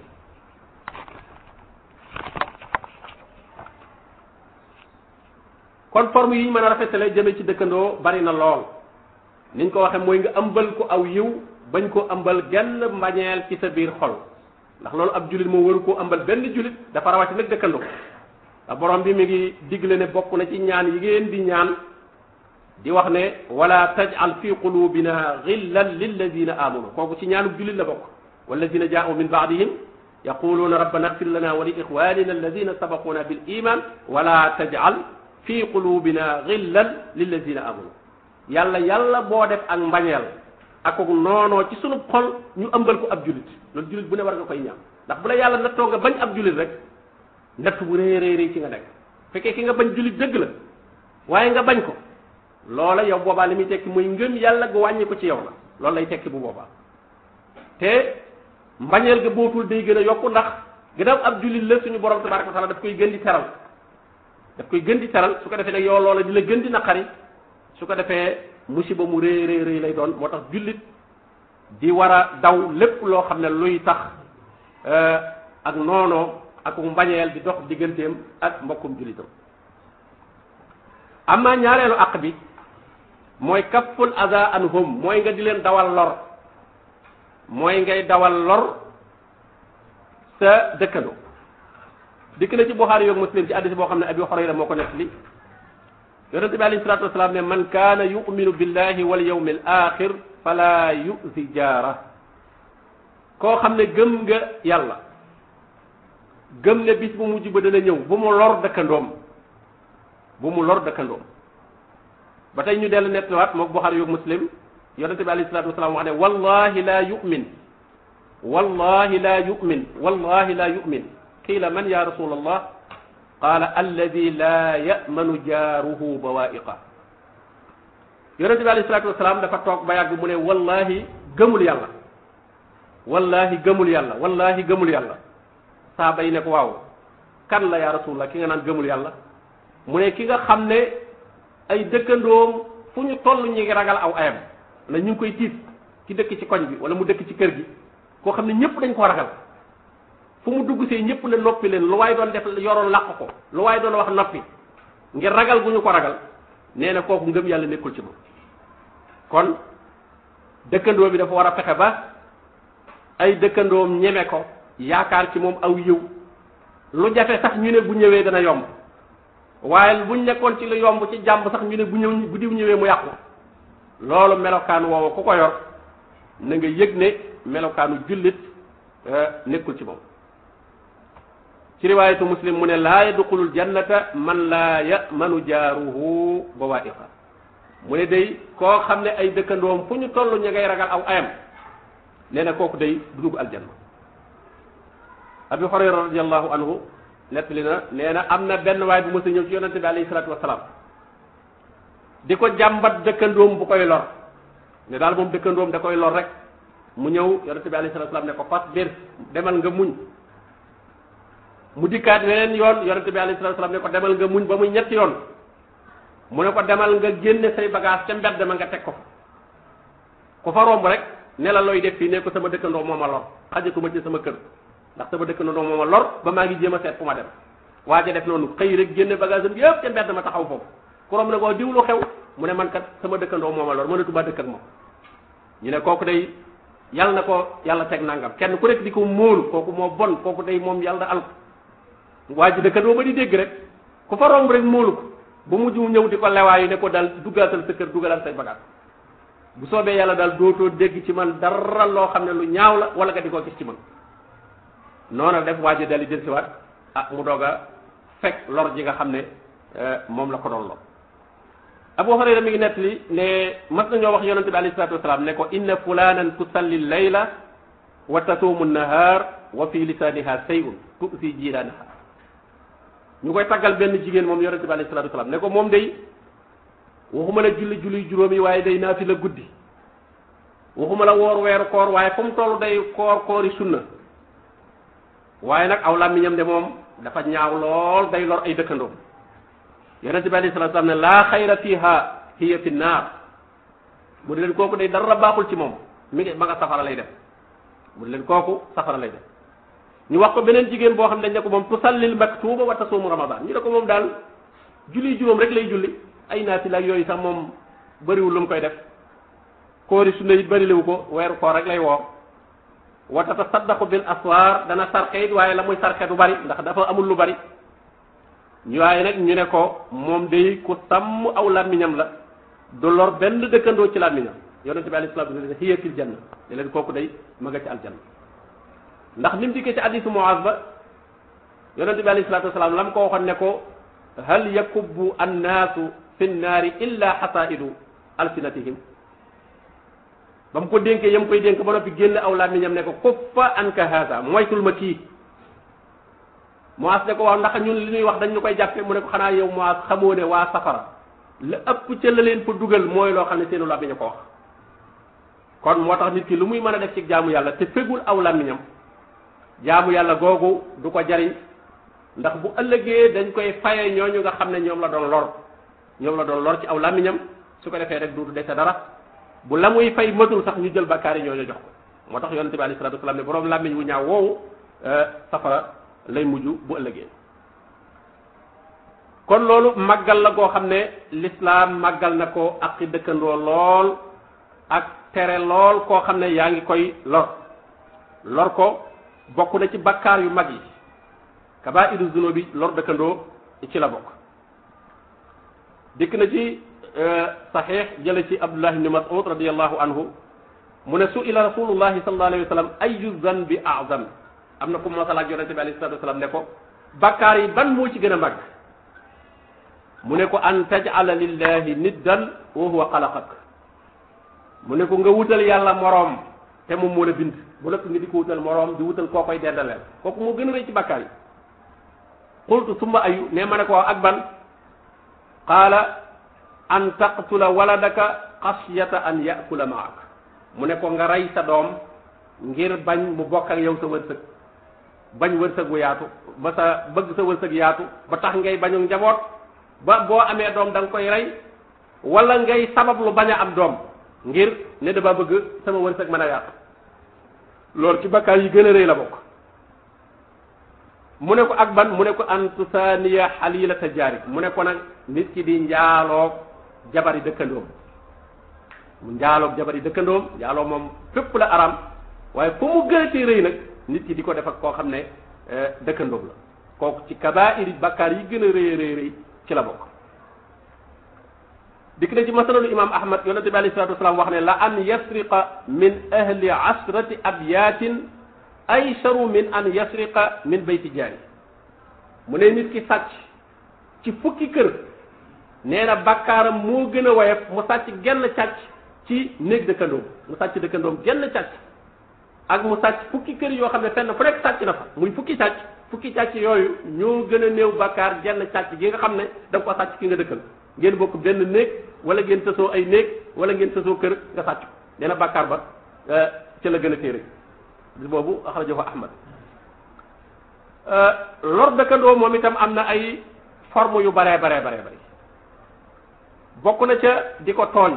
kon forme yi ñu mën a rafetale jëme ci dëkkandoo bari na lool niñ ko waxee mooy nga ëmbal ko aw yiw bañ koo ëmbal genn mbañeel ci sa biir xol ndax loolu ab jullit moo waru koo ëmbal benn jullit dafa rawati nag dëkkandoo ndax borom bi mi ngi digle ne bokk na ci ñaan yi ngeen di ñaan di wax ne wala tajal fi qulubina ghillan lilladina amanu kooku ci ñaanub jullit la bokk walladina jaa'u min ba'dihim yaquluna rabbana ighfir lana wa li ikhwanina alladina sabaquna bil iman wala tajal fii qulubina la lillazina amul yàlla yàlla boo def ak mbañeel ak ak noonoo ci sunu xol ñu ëmbal ko ab julit loolu julit bu ne war nga koy ñaan ndax bu la yàlla nattoo nga bañ ab julit rek natt bu rëy rëy rëy ci nga nekk fekkee ki nga bañ julit dëgg la waaye nga bañ ko loola yow boobaa li muy tekki muy ngëm yàlla gu wàññi ci yow la loolu lay tekki bu boobaa te mbañeel ga bootul day gën a yokk ndax gannaaw ab julit la suñu borom tabaraka wa taala daf koy gën di teral daf koy gën di teral su ko defee nag yow loola di la gën di naqari su ko defee musiba mu rëy rëy rëy lay doon moo tax jullit di war a daw lépp loo xam ne luy tax eh, ak noonoo ak mbañeel di dox digganteem ak mbokkum jullitam amma ñaareelu àq bi mooy kappul aza anhum mooy nga di leen dawal lor mooy ngay dawal lor sa dëkkandoo dikk na ci Buxaari yoog Muslim ci addis boo xam ne Abi Hurayra moo ko nettali yonente bi alayhi salatu wasalaam ne man kaana yuminu billahi wal yawmil axir fala yuzi jaara koo xam ne gëm nga yàlla gëm ne bis bu mujj ba dana ñëw bu mu lor dëkkandoom bu mu lor dëkkandoom ba tey ñu dellu nettaliwaat mook Buxaari yoog Muslim yonente bi alayhi salatu wasalaam wax ne wallahi la yumin wallahi la yumin قيل من يا رسول الله قال الذي لا يأمن جاره بوائقه yonente bi alayhi salaatu wasalaam dafa toog ba yàgg mu ne gëmul yàlla wallaahi gëmul yàlla gëmul yàlla saaba yi ne ko waaw kan la yaa rasulullah ki nga naan gëmul yàlla mu ne ki nga xam ne ay dëkkandoom fu ñu toll ñu ngi ragal aw ayam na ñu ngi koy tiit ki dëkk ci koñ bi wala mu dëkk ci kër gi koo xam ne ñëpp dañ koo ragal fu mu dugg see ñëpp la noppi leen lu waaye doon def yoroon làq ko lu waaye doon wax noppi ngir ragal gu ñu ko ragal nee ne kooku ngëm yàlla nekkul ci moom kon dëkkandoo bi dafa war a fexe ba ay dëkkandoom ñeme ko yaakaar ci moom aw yiw lu jafe sax ñu ne bu ñëwee dana yomb waaye buñ nekkoon ci lu yomb ci jàmb sax ñu ne bu ñëw bu diw ñëwee mu yàqu loolu melokaan woowu ku ko yor na nga yëg ne melokaanu jullit euh, nekkul ci moom ci riwaayatu muslim mu ne laa yadxulul jannata man laa yamanu jaaruhu bawaa'iqa mu ne day koo xam ne ay dëkkandoom fu ñu toll ña ngay ragal aw ayam nee na kooku day du dugg aljanna abi hurayra radiallahu anhu nettali na nee na am na benn waay bu mos a ñëw ci yonente bi alayhi salaatu wasalaam di ko jàmbat dëkkandoom bu koy lor ne daal moom dëkkandoom da koy lor rek mu ñëw yonente bi alayhi salaatu wasalaam ne ko fasbir demal nga muñ mu dikkaat weneen yoon yonente bi alayhi salaam ne ko demal nga muñ ba muy ñett yoon mu ne ko demal nga génne say bagage ca mbedd ma nga teg ko ku fa romb rek ne la looy def fii ne ko sama dëkkandoo moom ma lor xajatuma ci sama kër ndax sama dëkkandoo moo ma lor ba maa ngi jéem a seet fu ma dem waaja def noonu xëy rek génne bagage am yëpp ca mbedd ma aw foofu ku romb ne ko diwlu xew mu ne man sama dëkkandoo moom ma lor mënatuma dëkk ak moom ñu ne kooku day yal na ko yàlla teg nangam kenn ku rek di ko kooku moo bon kooku day moom yàlla alko waa ji dëkkandoo ba di dégg rek ku fa romb rek moolu bu mujj mu ñëw di ko lewaayu ne ko daal duggaatal sa kër duggalal say ba daal bu soobee yàlla daal dootoo dégg ci man dara loo xam ne lu ñaaw la wala nga di ko gis ci man noona def waa ji daal di delsiwaat ah mu doog a fekk lor ji nga xam ne eh, moom la ko doon lor Abu Hurayra mi ngi nettali ne mas nañoo wax yonente bi alayhi salatu wasalaam ne ko inna fulanan tusalli layla wa tasuumu nahar wa fi lisaaniha sayun tusi ñu koy taggal benn jigéen moom yonente bi alayhi salaatu wasalaam ne ko moom day waxuma la julli julli juróom yi waaye day naa naafila guddi waxuma la woor weeru koor waaye fu mu day koor koori sunna waaye nag aw làmmiñam de moom dafa ñaaw lool day lor ay dëkkandoom yonente bi alayhi salaam ne laa xayra fiha hiya fi naar mu di leen kooku day dara baaxul ci moom mi ngi ma nga safara lay def mu di leen kooku safara lay def ñu wax ko beneen jigéen boo xam dañ ne ko moom tusallil maktuba wa tasuumu ramadan ñu ne ko moom daal julli juróom rek lay julli ay naafila ak yooyu sax moom bariwul lu mu koy def koori sunna it bërilewu ko weeru koor rek lay woo wa tatasaddaqu bil aswaar dana sarxe it waaye la muy sarxe du bari ndax dafa amul lu bari ñu waaye nag ñu ne ko moom day ku sàmm aw làmmiñam la du lor benn dëkkandoo ci làmmiñam yonente bi alayhi salaatu wa salaam hiya fil janna leen kooku de ma nga ci aljanna ndax ni mu dikkee ci hadisu Muaz ba yonente bi alayhi salatu wasalaam la mu ko waxoon ne ko hal yakubbu annaasu fi nnaari illa xasaidu alsinatihim ba mu ko dénkee yam koy dénk ba noppi génn aw làmmiñam ne ko kuffa anka haasa moytul ma kii Muaz ne ko wax ndax ñun li ñuy wax dañ ñu koy jàppe mu ne ko xanaa yow Muaz xamoo ne waa safara la ëpp ca la leen fa dugal mooy loo xam ne seenu làmmiñ a ko wax kon moo tax nit ki lu muy mën a def ci jaamu yàlla te aw làmmiñam jaamu yàlla googu du ko jariñ ndax bu ëllëgee dañ koy faye ñooñu nga xam ne ñoom la doon lor ñoom la doon lor ci aw làmmiñam su ko defee rek duutu dese dara bu la muy fay matul sax ñu jël bàkkaar ñoo ñooñu jox ko moo tax yonente bi alayhi salatu wasalaam ne boroom làmmiñ wu ñaaw woowu euh, safara lay mujj bu ëllëgee kon loolu màggal la goo xam ne lislaam màggal na ko ak dëkkandoo lool ak tere lool koo xam ne yaa ngi koy lor lor ko bokk na ci bakkaar yu mag yi kabaa'iru zunubi lor dëkkandoo ci la bokk dikk na ci euh, saxiix jële ci abdullah ibni mas'ud radiallahu anhu mu ne su ila rasulullahi sallallahu alayhi wa sallam ayu zanbi am na ku masalaak yonente bi alayhi salatu wasalam ne ko bakkaar yi ban moo ci gën a mag mu ne ko an tajala lillahi niddan wa huwa xalaqak mu ne ko nga wutal yàlla moroom te moom moo la bind bu nekk nga di ko wutal moroom di wutal koo koy dendaleel kooku gën a ci bàkkaar yi xultu ne ma ko ak ban qaala an taqtula waladaka xasiyata an mu ne ko nga rey sa doom ngir bañ mu bokk ak yow sa wërsëg bañ wërsëg wu yaatu ba sa bëgg sa wërsëg yaatu ba tax ngay bañu njaboot ba boo amee doom danga koy rey wala ngay sabab lu bañ a am doom ngir ne dama bëgg sama wërsëg mën a yaatu loolu ci bakkaar yi gën a rëy la bokk mu ne ko ak ban mu ne ko yi tusaaniya xalilata jaarik mu ne ko nag nit ki di njaaloog yi dëkkandoom mu njaaloog jabari dëkkandoom njaaloo moom fépp la aram waaye fu mu gënatee rëy nag nit ki di ko def koo xam ne eh, dëkkandoom la kooku ci kadaa kabairi bakkaar yi gën a rëy rëy rëy ci la bokk dikk na ci masalalu imam ahmad yonente bi alayhi salatu wasalaam wax ne la an yasriqa min ahli asrati abyatin aycharu min an yasriqa min bayti jaari mu ne nit ki sàcc ci fukki kër nee bakkaaram moo gën a woyof mu sàcc genn càcc ci néeg dëkkandoom mu sàcc dëkkandoom genn càcc ak mu sàcc fukki kër yoo xam ne fenn fu nekk sàcc na fa muy fukki sàcc fukki càcc yooyu ñoo gën a néew bakkaar genn càcc gi nga xam ne da ko sàcc ki nga dëkkal ngeen bokk benn néeg wala ngeen tasoo ay néeg wala ngeen tasoo kër nga sàcc nee na bàkkaar ba euh, ca la gën a téere bis boobu axrajahu ahmad euh, lor dëkkandoo moom itam am na ay forme yu baree baree baree bari bokk na ca di ko tooñ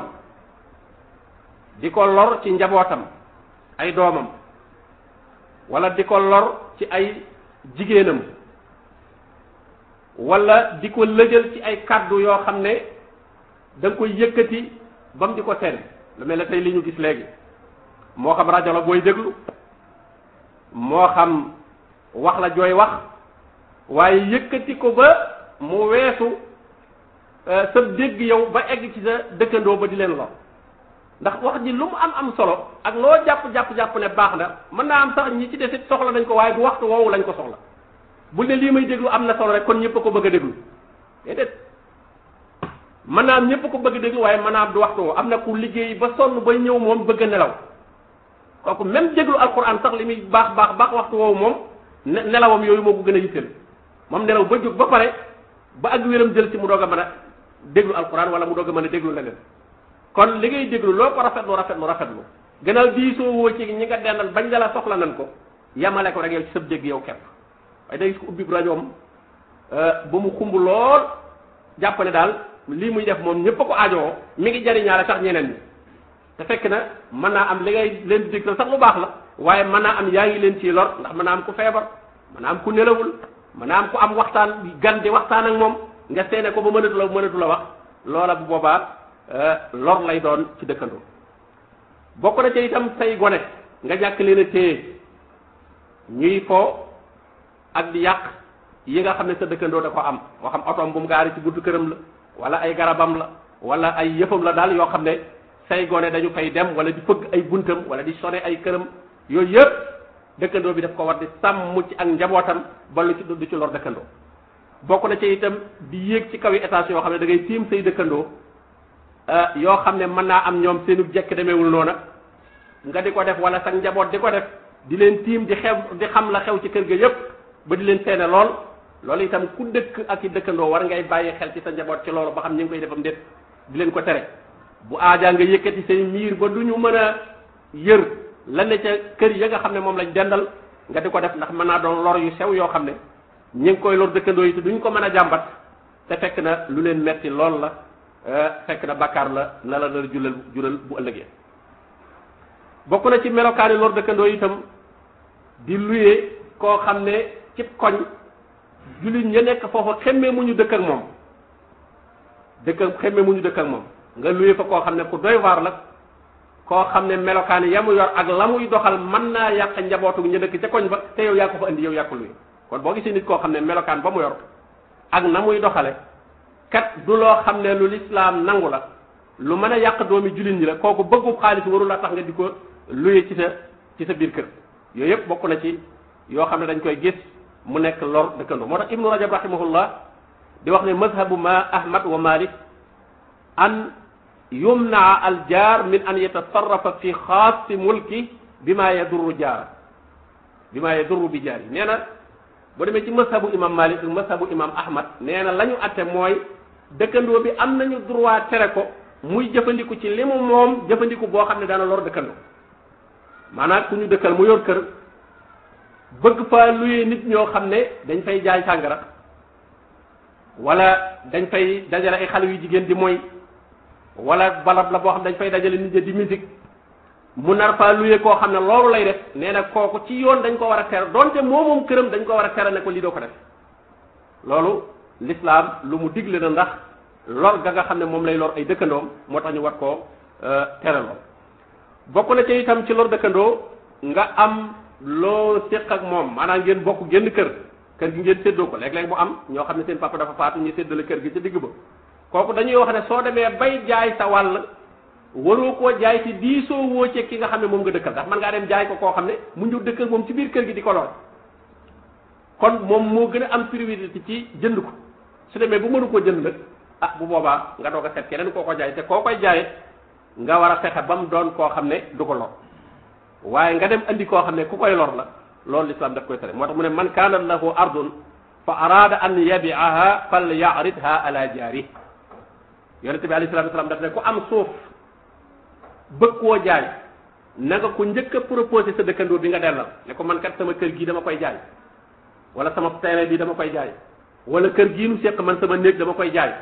di ko lor ci njabootam ay doomam wala di ko lor ci ay jigéenam walla di ko lëjal ci ay kàddu yoo xam ne da nga koy yëkkati ba mu di ko seen lu mel li ñu gis léegi moo xam rajo la booy déglu moo xam wax la jooy wax waaye yëkkati ko ba mu weesu euh, sa dégg yow ba egg ci sa dëkkandoo ba di leen lor ndax wax ji lu mu am am solo ak loo jàpp jàpp jàpp ne baax na mën naa am sax ñi ci desit soxla nañ ko waaye du waxtu woowu lañ ko soxla bu ne lii may déglu am na solo rek kon ñëpp a ko bëgg a déglu déedéet mën ñëpp a ko bëgg a déglu waaye mën naa am du waxtu am na ku liggéey ba sonn ba ñëw moom bëgg a nelaw kooku même déglu alquran sax li muy baax baax baax waxtu woowu moom nelawam yooyu moo ko gën a yitteel moom nelaw ba jóg ba pare ba ak wéram jël ci mu doog a man a déglu alquran wala mu doog a mën a déglu leneen kon li ngay déglu loo ko rafetlu rafetlu rafetlu gënal diisoo woo ci ñi nga dendal bañ dala soxla nan ko yamale ko rek yow ci sab dégg yow kepp waaye da gis ko ubbi rajoom euh, ba mu xumb lool jàpp daal lii muy def moom ñëpp a ko aajoo mi ngi jariñaale sax ñeneen ñi te fekk na mën naa am li ngay leen di digal sax lu baax la waaye mën naa am yaa ngi leen ciy lor ndax mën naa am ku feebar mën naa am ku nelawul mën naa am ku am waxtaan gan di waxtaan ak moom nga seene ko ba mënatu la mënatu la wax loola bu boobaa euh, lor lay doon ci dëkkandoo bokk na ci itam say gone nga jàkk leen a téye ñuy foo ak di yàq yi nga xam ne sa dëkkandoo da ko am moo xam otoom bu mu gaari ci buntu këram la wala ay garabam la wala ay yëfam la daal yoo xam ne say gone dañu fay dem wala di fëgg ay buntam wala di sone ay këram yooyu yëpp dëkkandoo bi daf ko war di sàmm ci ak njabootam ba lu ci du ci lor dëkkandoo bokk na ci itam di yéeg ci kaw yi étage yoo xam ne da ngay tiim say dëkkandoo eh, yoo xam ne mën naa am ñoom seenu jekk demeewul noona nga di ko def wala sax njaboot di ko def di leen tiim di xew di xam la xew ci kër ga yëpp ba di leen seene lool loolu itam ku dëkk ak i dëkkandoo war ngay bàyyi xel ci sa njaboot ci loolu ba xam ñu ngi koy defam déet di leen ko tere bu aajaa nga yëkkati seen miir ba du ñu mën a yër la ne ca kër ya nga xam ne moom lañ dendal nga di ko def ndax mën naa doon lor yu sew yoo xam ne ñu ngi koy lor dëkkandoo yi te duñ ko mën a jàmbat te fekk na lu leen metti lool la eh, fekk na bakkaar la na la dal julal jural bu ëllëgee bokk na ci melokaani lor dëkkandoo itam di xam ne ci koñ jullit ña nekk foofu xemmee mu ñu dëkk ak moom dëkk xemmee mu ñu dëkk ak moom nga luye fa koo xam ne ku doy waar la koo xam ne melokaan yamu yor ak la muy doxal mën naa yàq njabootu ña dëkk ca koñ ba te yow yaa ko fa indi yow yaa luye kon boo gisee nit koo xam ne melokaan ba mu yor ak na muy doxale kat du loo xam ne lu lislaam nangu la lu mën a yàq doomi jullit ñi la kooku bëggu xaalis warul la tax nga di ko luye ci sa ci sa biir kër yooyu yëpp bokk na ci yoo xam ne dañ koy gis mu nekk lor dëkkandoo moo tax ibnu rajab rahimahullah di wax ne mazhabu ma ahmad wa malik an yumnaa al jaar min an yatasarrafa fi xaasi mulki bi ma yadurru jaar bi ma yadurru bi jaar yi nee na boo demee ci mazhabu imam malik ak mazhabu imam ahmad nee na la ñu atte mooy dëkkandoo bi am nañu droit tere ko muy jëfandiku ci li mu moom jëfandiku boo xam ne daana lor dëkkandoo maanaam ku ñu dëkkal mu yor kër bëgg fa luyee nit ñoo xam ne dañ fay jaay sàngara wala dañ fay dajale ay xale yu jigéen di mooy walla balab la boo xam ne dañ fay dajale nit ñi di musique mu nar fa luyee koo xam ne loolu lay def nee nag kooku ci yoon dañ ko war a tere donte moo moom këram dañ ko war a tere ne ko lii doo ko def loolu l'islam lu mu digle na ndax lor ga nga xam ne moom lay lor ay dëkkandoom moo tax ñu wat ko euh, tere lool bokk na ci itam ci lor dëkkandoo nga am loo séq ak moom maanaam ngeen bokk génn kër kër gi ngeen séddoo ko léeg-léeg mu am ñoo xam ne seen papa dafa faatu ñu la kër gi ca digg ba kooku dañuy wax ne soo demee bay jaay sa wàll waroo koo jaay ci diisoo woo ci ki nga xam ne moom nga dëkkal ndax man ngaa dem jaay ko koo xam ne mu ñu dëkk ak moom ci biir kër gi di ko lool kon moom moo gën a am priorité ci jënd ko su demee bu mënu koo jënd nag ah bu boobaa nga doog a seet keneen koo ko jaay te koo koy jaay nga war a fexe ba mu doon koo xam ne du ko waaye nga dem indi koo xam ne ku koy lor la loolu l'islam def koy tere moo tax mu ne man kaana lahu ardun fa araada an yabiaha fal yaridha ala jaari yonente bi alayhi salatu wasalam daf ne ku am suuf bëgg koo jaay na ko njëkk a proposé sa dëkkandoo bi nga dellal ne ko man kat sama kër gii dama koy jaay wala sama terrain bi dama koy jaay wala kër gii nu seq man sama néeg dama koy jaay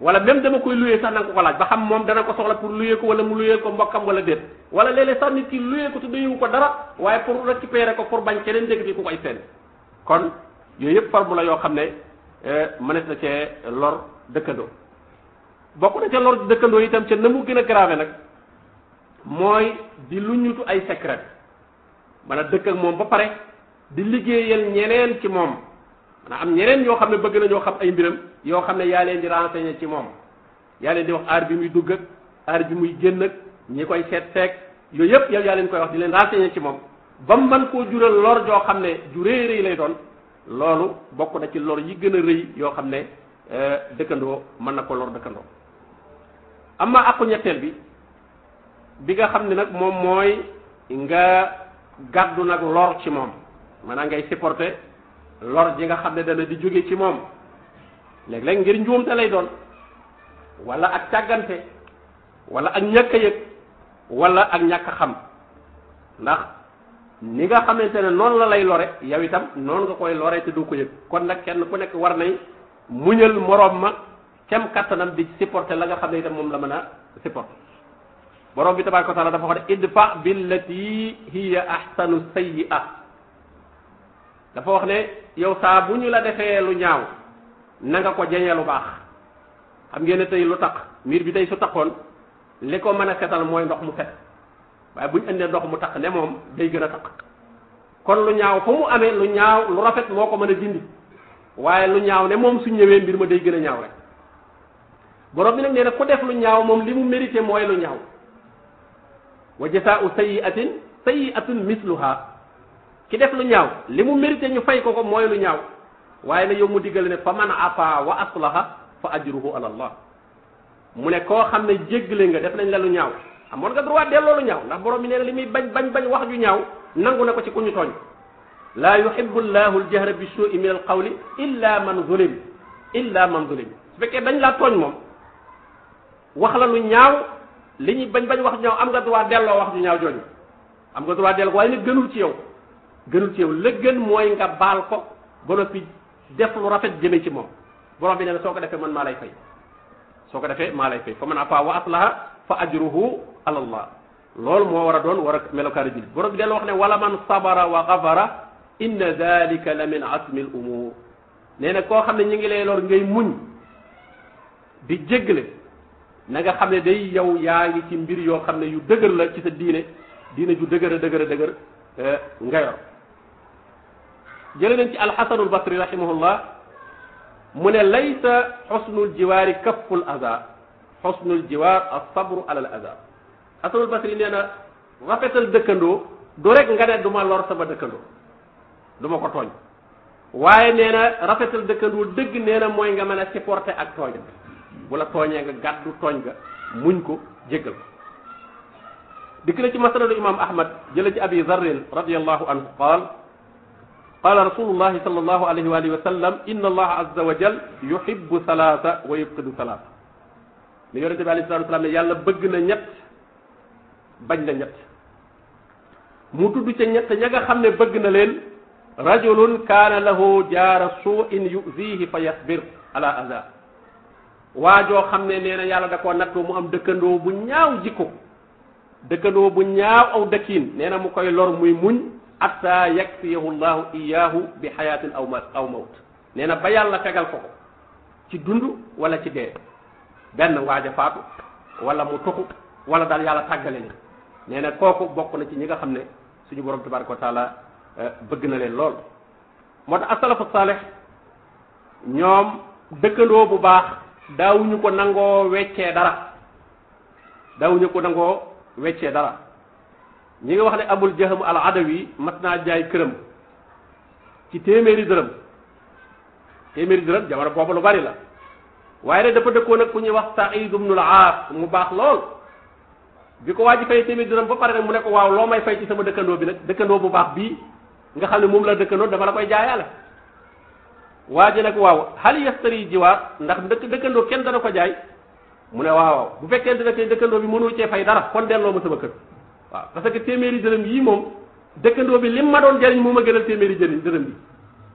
wala même dama koy luyee sax na ko ko laaj ba xam moom dana ko soxla pour luyee ko wala mu luyee ko mbokkam wala déet wala léeg-léeg sax nit ki luyee ko te dayewu ko dara waaye pour récupérer ko pour bañ keneen dégg fi ku koy seen kon yooyu yëpp forme la yoo xam ne euh, mënees na cee lor dëkkandoo bokk na ca lor dëkkandoo itam ca na mu gën a grave nag mooy di lu ñutu ay secret mën a dëkk ak moom ba pare di liggéeyal ñeneen ci moom maanaam am ñeneen ñoo xam ne bëgg nañoo xam ay mbiram yoo xam ne yaa leen di renseigner ci moom yaa leen di wax aar bi muy dugg ak aar bi muy génn ak ñi koy seet seek yooyu yëpp yow yaa leen koy wax di leen renseigner ci moom ba mu mën koo jural lor joo xam ne ju rëy lay doon loolu bokk na ci lor yi gën a rëy yoo xam ne euh, dëkkandoo mën na ko lor dëkkandoo am na àqu ñetteel bi bi nga xam ne nag moom mooy nga gàddu nag lor ci moom maanaam ngay supporter lor ji nga xam ne dana di jóge ci moom léeg-léeg ngir njuumte lay doon wala ak càggante wala ak ñàkk yëg wala ak ñàkk a xam ndax ni nga xamante ne noonu la lay lore yow itam noonu nga koy lore te du ko yëg kon nag kenn ku nekk war nay muñal moroom ma kem kattanam di supporter la nga xam ne itam moom la mën a supporter borom bi tabaraka wa taala dafa wax ne idfa billati hiya ahsanu sayyi'a dafa wax ne yow saa bu ñu la defee lu ñaaw na nga ko jañee lu baax xam ngeen ne tey lu taq miir bi tey su taqoon li ko mën a setal mooy ndox mu set waaye bu ñu indee ndox mu takk ne moom day gën a takk kon lu ñaaw fu mu amee lu ñaaw lu rafet moo ko mën a dindi waaye lu ñaaw ne moom su ñëwee mbir ma day gën a ñaaw rek borom bi nag nee na ku def lu ñaaw moom li mu mérité mooy lu ñaaw wa jasaau sayiatin lu misluha ki def lu ñaaw li mu mérité ñu fay ko ko mooy lu ñaaw waaye na yow mu diggale ne fa man afa wa aslaha fa ajruhu ala mu ne koo xam ne jéggale nga def nañ la lu ñaaw amoon nga droit delloo lu ñaaw ndax borom bi nee na muy bañ bañ bañ wax ju ñaaw nangu na ko ci ku ñu tooñ laa yuhibbu llahu aljahra bi su'i min al qawli illa man zulim illa man zulim su dañ laa tooñ moom wax la lu ñaaw ñuy bañ bañ wax ñaaw am nga droit delloo wax ju ñaaw jooju am nga droit delloo ko waaye nit gënul ci yow gënul ci yow la gën mooy nga baal ko ba noppi def lu rafet jëme ci moom borom bi nee na soo ko defee man maa lay fay soo ko defee maa lay fay fa man afa wa aslaha fa ajruhu ala allah loolu moo war a doon war a melokaanu jullit borom bi della wax ne wala man sabara wa gafara in dalika la min asmi l umur nee na koo xam ne ñu ngi lay lool ngay muñ di jéggale na nga xam ne day yow yaa ngi ci mbir yoo xam ne yu dëgër la ci sa diine diine ju dëgër a dëgër a eh, jële nañ ci alxasanul basri rahimahullah mu ne laysa xosnul jiwaari kafful aza xosnul jiwaar asabru alal aza xasanul basri nee na rafetal dëkkandoo du rek nga ne du ma lor sama dëkkandoo du ma ko tooñ waaye nee na rafetal dëkkandoo dëgg nee na mooy nga mën a supporter ak tooñ bu la tooñee nga gàddu tooñ ga muñ ko jéggal ko dikk na ci masanadu imam ahmad jële ci abi zarrin radiallahu anhu qaal qala rasulullahi sallallahu alayhi wa alihi wa sallam inna allaha azza wa jal yuhibbu salaata wa yubqidu salaata ne yonente bi alayhi salatu wasalam ne yàlla bëgg na ñett bañ na ñett mu tudd ca ñett ña nga xam ne bëgg na leen rajulun kaana lahu jaara suu'in yuzihi fa yasbir ala aza waa joo xam ne nee na yàlla da koo nattoo mu am dëkkandoo bu ñaaw jikko dëkkandoo bu ñaaw aw dëkkiin nee na mu koy lor muy muñ atta yakfiyahu llahu iyahu bi xayatin aw ma aw mawt nee na ba yàlla fegal ko ci dund wala ci dee benn waaja faatu wala mu tuxu wala daal yàlla tàggale ni nee na kooku bokk na ci ñi nga xam ne suñu borom tabaraka wa taala eh, bëgg na leen lool moo tax asalafu saaleh ñoom dëkkandoo bu baax daawuñu ko nangoo weccee dara daawuñu ko nangoo weccee dara ñu ngi wax ne abul jaham al adawi mat naa jaay këram ci téeméeri dërëm téeméeri dërëm jamono boobu lu bari la waaye nag dafa dëkkoon ak ku ñuy wax Saïd ibn al mu baax lool bi ko waa ji fay téeméeri dërëm ba pare nag mu ne ko waaw loo may fay ci sama dëkkandoo bi nag dëkkandoo bu baax bii nga xam ne moom la dëkkandoo dama la koy jaayaale waa ji nag waaw hal yastari jiwaat ndax dëkk dëkkandoo kenn dana ko jaay mu ne waaw waaw bu dana ne dëkkandoo bi mënoo cee fay dara kon delloo ma sama kër waaw parce que téeméeri dërëm yii moom dëkkandoo bi lim ma doon jariñ moo ma gënal téeméeri jëriñ dërëm bi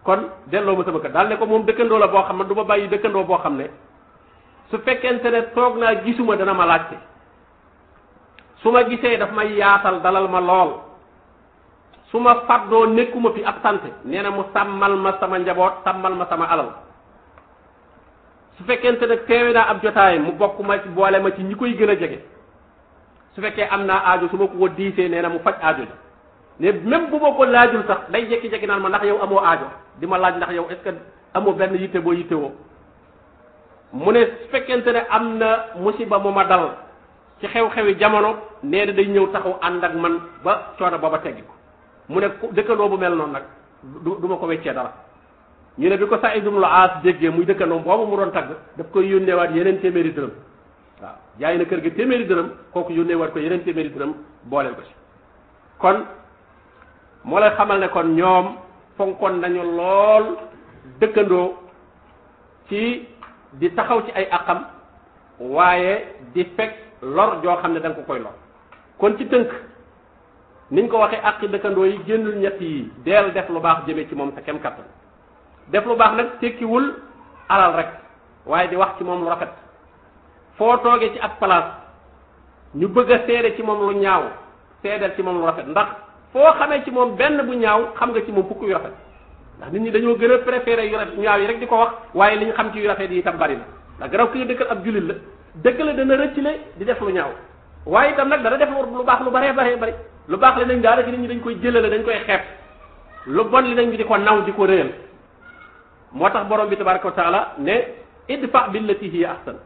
kon delloo ma sama kër daal ne ko moom dëkkandoo la boo xam ne du ma bàyyi boo xam ne su fekkente ne toog naa gisuma dana ma laajte su ma gisee daf may yaatal dalal ma lool su ma fàddoo nekkuma fi ak sant nee na mu sàmmal ma sama njaboot sàmmal ma sama alal su fekkente ne teewe naa ab jotaay mu bokk ma boole ma ci ñi koy gën a jege su fekkee am naa ajo su ma ko ko diisee nee na mu faj ajo ji ne même bu ma ko laajul sax day jekki-jekki naan ma ndax yow amoo aajo di ma laaj ndax yow est que amoo benn yitte boo yitte woo mu ne su fekkente ne am na musiba mu ma dal ci xew-xewi jamono nee na day ñëw taxaw ànd ak man ba coono booba teggi ko mu ne dëkkandoo bu mel noonu nag du du ma ko weccee dara ñu ne bi ko Saïd ibn la as déggee muy dëkkandoo boobu mu doon tagg daf koy yónneewaat yeneen téeméeri dërëm jaay na kër gi téeméeri dërëm kooku yónnee war ko yeneen téeméeri dërëm booleel ko ci kon moo lay xamal ne kon ñoom fonkoon nañu lool dëkkandoo ci di taxaw ci ay aqam waaye di fekk lor joo xam ne da ko koy lor kon ci tënk niñ ko waxee aqi dëkkandoo yi génnul ñett yi deel def lu baax jëme ci moom sa kem kattan def lu baax nag tekkiwul alal rek waaye di wax ci moom lu rafet foo toogee ci ak place ñu bëgg a seede ci moom lu ñaaw seedal ci moom lu rafet ndax foo xamee ci moom benn bu ñaaw xam nga ci moom fukk yu rafet ndax nit ñi dañoo gën a préféré yu rafet ñaaw yi rek di ko wax waaye li ñu xam ci yu rafet yi itam bari na ndax garaw ki nga dëkkal ak jullit la dëkk la dana rëccile di def lu ñaaw waaye itam nag dana def lu baax lu baree baree bari lu baax li nañ daanaka nit ñi dañ koy jëlale dañ koy xeeb lu bon li nañ bi di naw di ko réyal moo tax borom bi tabaraka wa taala ne idfa billati hiya ahsan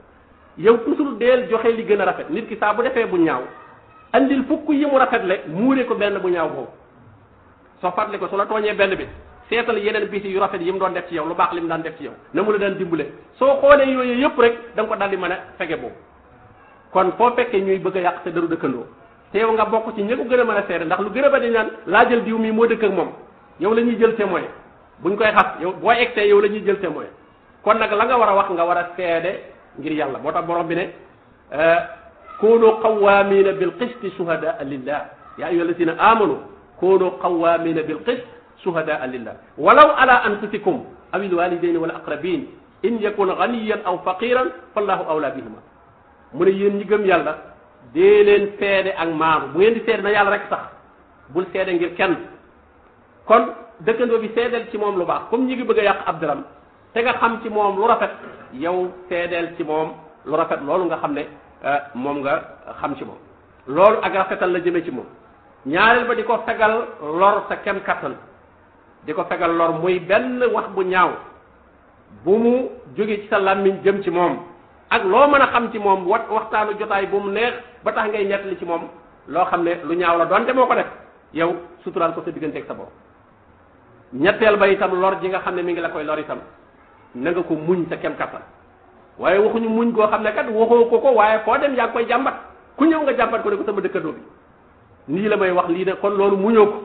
yow toujours deel joxe li gën a rafet nit ki saa bu defee bu ñaaw andil fukk yi mu le muure ko benn bu ñaaw boobu soo fàttali ko su la tooñee benn bi seetal yeneen bisi yu rafet yi mu doon def ci yow lu baax li mu daan def ci yow na mu la daan dimbale soo xoolee yooyu yëpp rek da ko daal di mën a fege boobu kon foo fekkee ñuy bëgg a yàq sa dëru dëkkandoo te yow nga bokk ci ña gën a mën a seere ndax lu gën a ba di naan laa jël diw mii moo dëkk ak moom yow la ñuy jël témoin buñ koy xas yow boo egtee yow la ñuy jël témoin kon nag la nga war a wax nga war a seede ngir yàlla moo tax borom bi ne eh, kunu qawamina bil qisti suhadaa lillah ya ayyuha alladina amanu kunu qawamina bil qist suhadaa lillah walaw ala anfusikum aw il walidaini wal aqrabin in yakun ganiyan aw faqiran fallahu awla bihima mu ne yéen ñi gëm yàlla dee leen seede ak maanu bu ngeen di seede na yàlla rek sax bu seede ngir kenn kon dëkkandoo bi seedeel ci moom lu baax comme ñi ngi bëgg a yàq ab daram te nga xam ci moom lu rafet yow seedeel ci moom lu rafet loolu nga xam ne euh, moom nga xam ci moom loolu ak rafetal la jëme ci moom ñaareel ba di ko fegal lor sa kem kattan di ko fegal lor muy benn wax bu ñaaw bu mu jóge ci sa làmmiñ jëm ci moom ak loo mën a xam ci moom wat waxtaanu jotaay bu mu neex ba tax ngay nettali ci moom loo xam ne lu ñaaw la donte moo ko def yow suturaal ko sa digganteeg sa bopp ñetteel ba itam lor ji nga xam ne mu ngi la koy lor itam na nga ko muñ sa kem kattan waaye waxuñu muñ koo xam ne kat waxoo ko ko waaye koo dem yaa koy jàmbat ku ñëw nga jàmbat ko ne ko sama dëkkandoo bi nii la may wax lii de kon loolu muñoo ko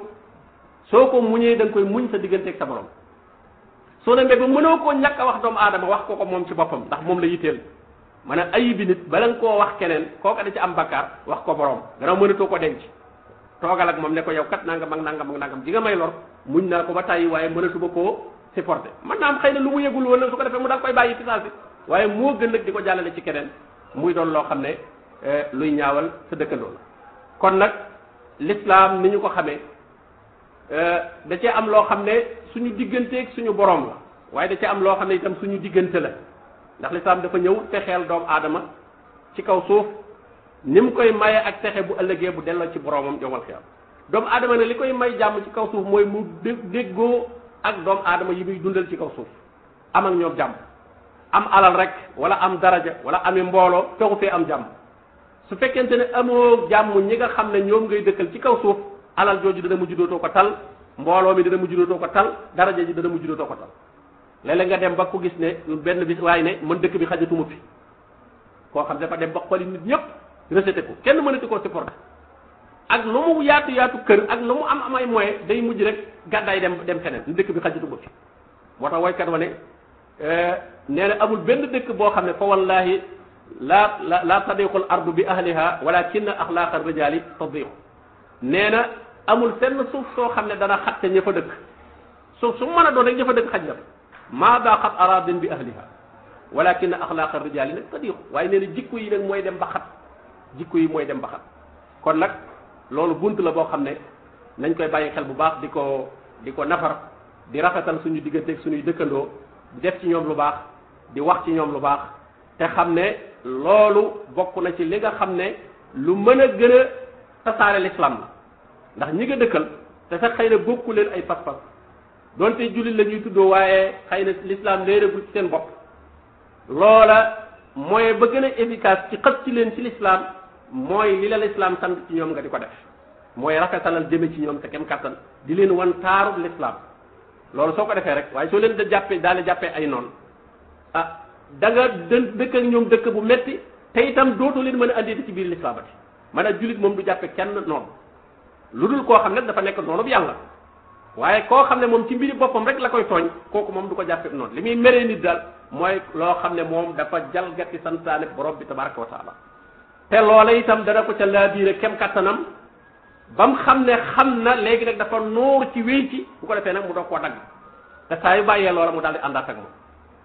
soo ko muñee da nga koy muñ sa digganteeg sa borom soo ne demee ba mënoo koo ñàkk a wax doomu aadama wax ko ko moom ci boppam ndax moom la yitteel maanaam ayibi nit bala nga koo wax keneen koo da ci am bakkaar wax ko borom gannaaw mënatoo ko denc toogal ak moom ne ko yow kat nangam ak nangam ak nga may lor muñ naa ko ba tàyyi waaye mënatuma koo supporté mën naa am xëy na lu mu yëgul woon su ko defee mu daal koy bàyyi ci waaye moo gën nag di ko jàllale ci keneen muy doon loo xam ne eh, luy ñaawal sa dëkkandoo la kon nag l'islam ni ñu ko xamee eh, da cee am loo xam ne suñu digganteek suñu borom la waaye da cee am loo xam ne itam suñu diggante la ndax l'islam dafa ñëw xeel doomu aadama ci kaw suuf ni mu koy maye ak texe bu ëllëgee bu delloo ci boromam jomal xiyam doomu aadama ne li koy may jàmm ci kaw suuf mooy mu déggoo ak doom aadama yi muy dundal ci kaw suuf am ak ñoom jàmm am alal rek wala am daraja wala ami mbooloo taxu fee am jàmm su fekkente ne amoo jàmm ñi nga xam ne ñoom ngay dëkkal ci kaw suuf alal jooju dana mujj dootoo ko tal mbooloo mi dana mujj dootoo ko tal daraja ji dana mu dootoo ko tal léeg nga dem ba ko gis ne benn bi waaye ne man dëkk bi xaja xajatuma fi koo xam dafa dem ba xoli nit ñëpp rejeté ko kenn mënati koo supporté ak lu mu yaatu yaatu kër ak lu mu am am ay moyen day mujj rek gàddaay dem dem feneen lu dëkk bi xajatu ba fi moo woykat wa ne euh, nee amul benn dëkk boo xam ne fa wallahi laa la laa tadiqul ardu bi ahliha walakinna axlaaqa rijaali tadiqu nee na amul fenn suuf soo xam ne dana xatte ña fa dëkk suuf su mën a doon rek ña fa dëkk xaj na maa daa xat aradin bi ahliha walakinna axlaaqa rijaali nag tadiqu waaye nee na jikko yi nag mooy dem ba xat jikko yi mooy dem ba xat kon nag loolu bunt la boo xam ne nañ koy bàyyi xel bu baax di ko di ko nafar di rafetal suñu digganteeg suñuy dëkkandoo di def ci ñoom lu baax di wax ci ñoom lu baax te xam ne loolu bokk na ci li nga xam ne lu mën a gën a tasaare l'islam la ndax ñi nga dëkkal te sax xëy na bokku leen ay pas-pas donte jullit la ñuy tuddoo waaye xëy na l'islam léeragul ci seen bopp loola mooy ba gën a efficace ci xëcc ci leen ci l'islam mooy li la l'islam sant ci ñoom nga di ko def mooy rafetalal jëme ci ñoom sa kem kattan di leen wan taarub l'islam loolu soo ko defee rek waaye soo leen da jàppee daale jàppe ay noon a ah da nga dën dëkk ak ñoom dëkk bu metti te itam dootu leen mën a andi ci biir lislaamati maanaam jullit moom du jàppe kenn noonu lu dul koo xam ne dafa nekk noonu bu yàlla waaye koo xam ne moom ci mbiri boppam rek la koy tooñ kooku moom du ko jàppe noonu li muy meree nit daal mooy loo xam ne moom dafa jalgati santaane borom bi tabaraka wa taala te loola itam dana ko ca laabiire kem kattanam ba mu xam ne xam na léegi nag dafa noor ci wéy ci bu ko defee nag mu doog koo dagg te saa yu bàyyee loola mu daal di àndaat ak moom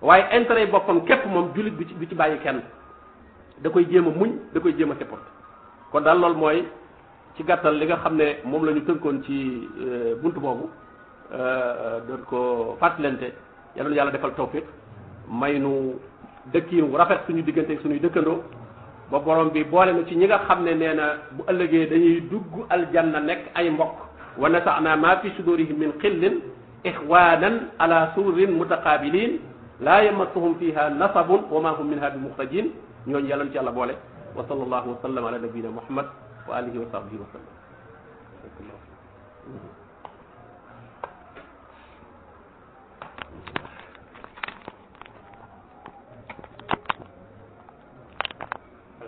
waaye intérêt yi boppam képp moom jullit bi ci bi ci bàyyi kenn da koy jéem a muñ da koy jéem a support kon daal loolu mooy ci gàttal li nga xam ne moom lañu ñu tënkoon ci euh, bunt boobu euh, doon ko fàttalante yal na yàlla defal tawfiq may nu dëkkiin wu rafet suñu diggante suñuy dëkkandoo ba borom bi boole na ci ñi nga xam ne nee na bu ëllëgee dañuy dugg aljanna nekk ay mbokk wa nasaana ma fi sudurihim min xillin ixwanan ala sururin mutaqabilin laa yamassuhum fiha nasabun wa ma hum minha bi muxrajin ñooñu yàlla ci yàlla boole wa sallallahu wa sallam ala nabiyina muhammad wa alihi wa sahbihi wa sallam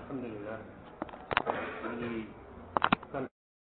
alhamdulilah ñu ngi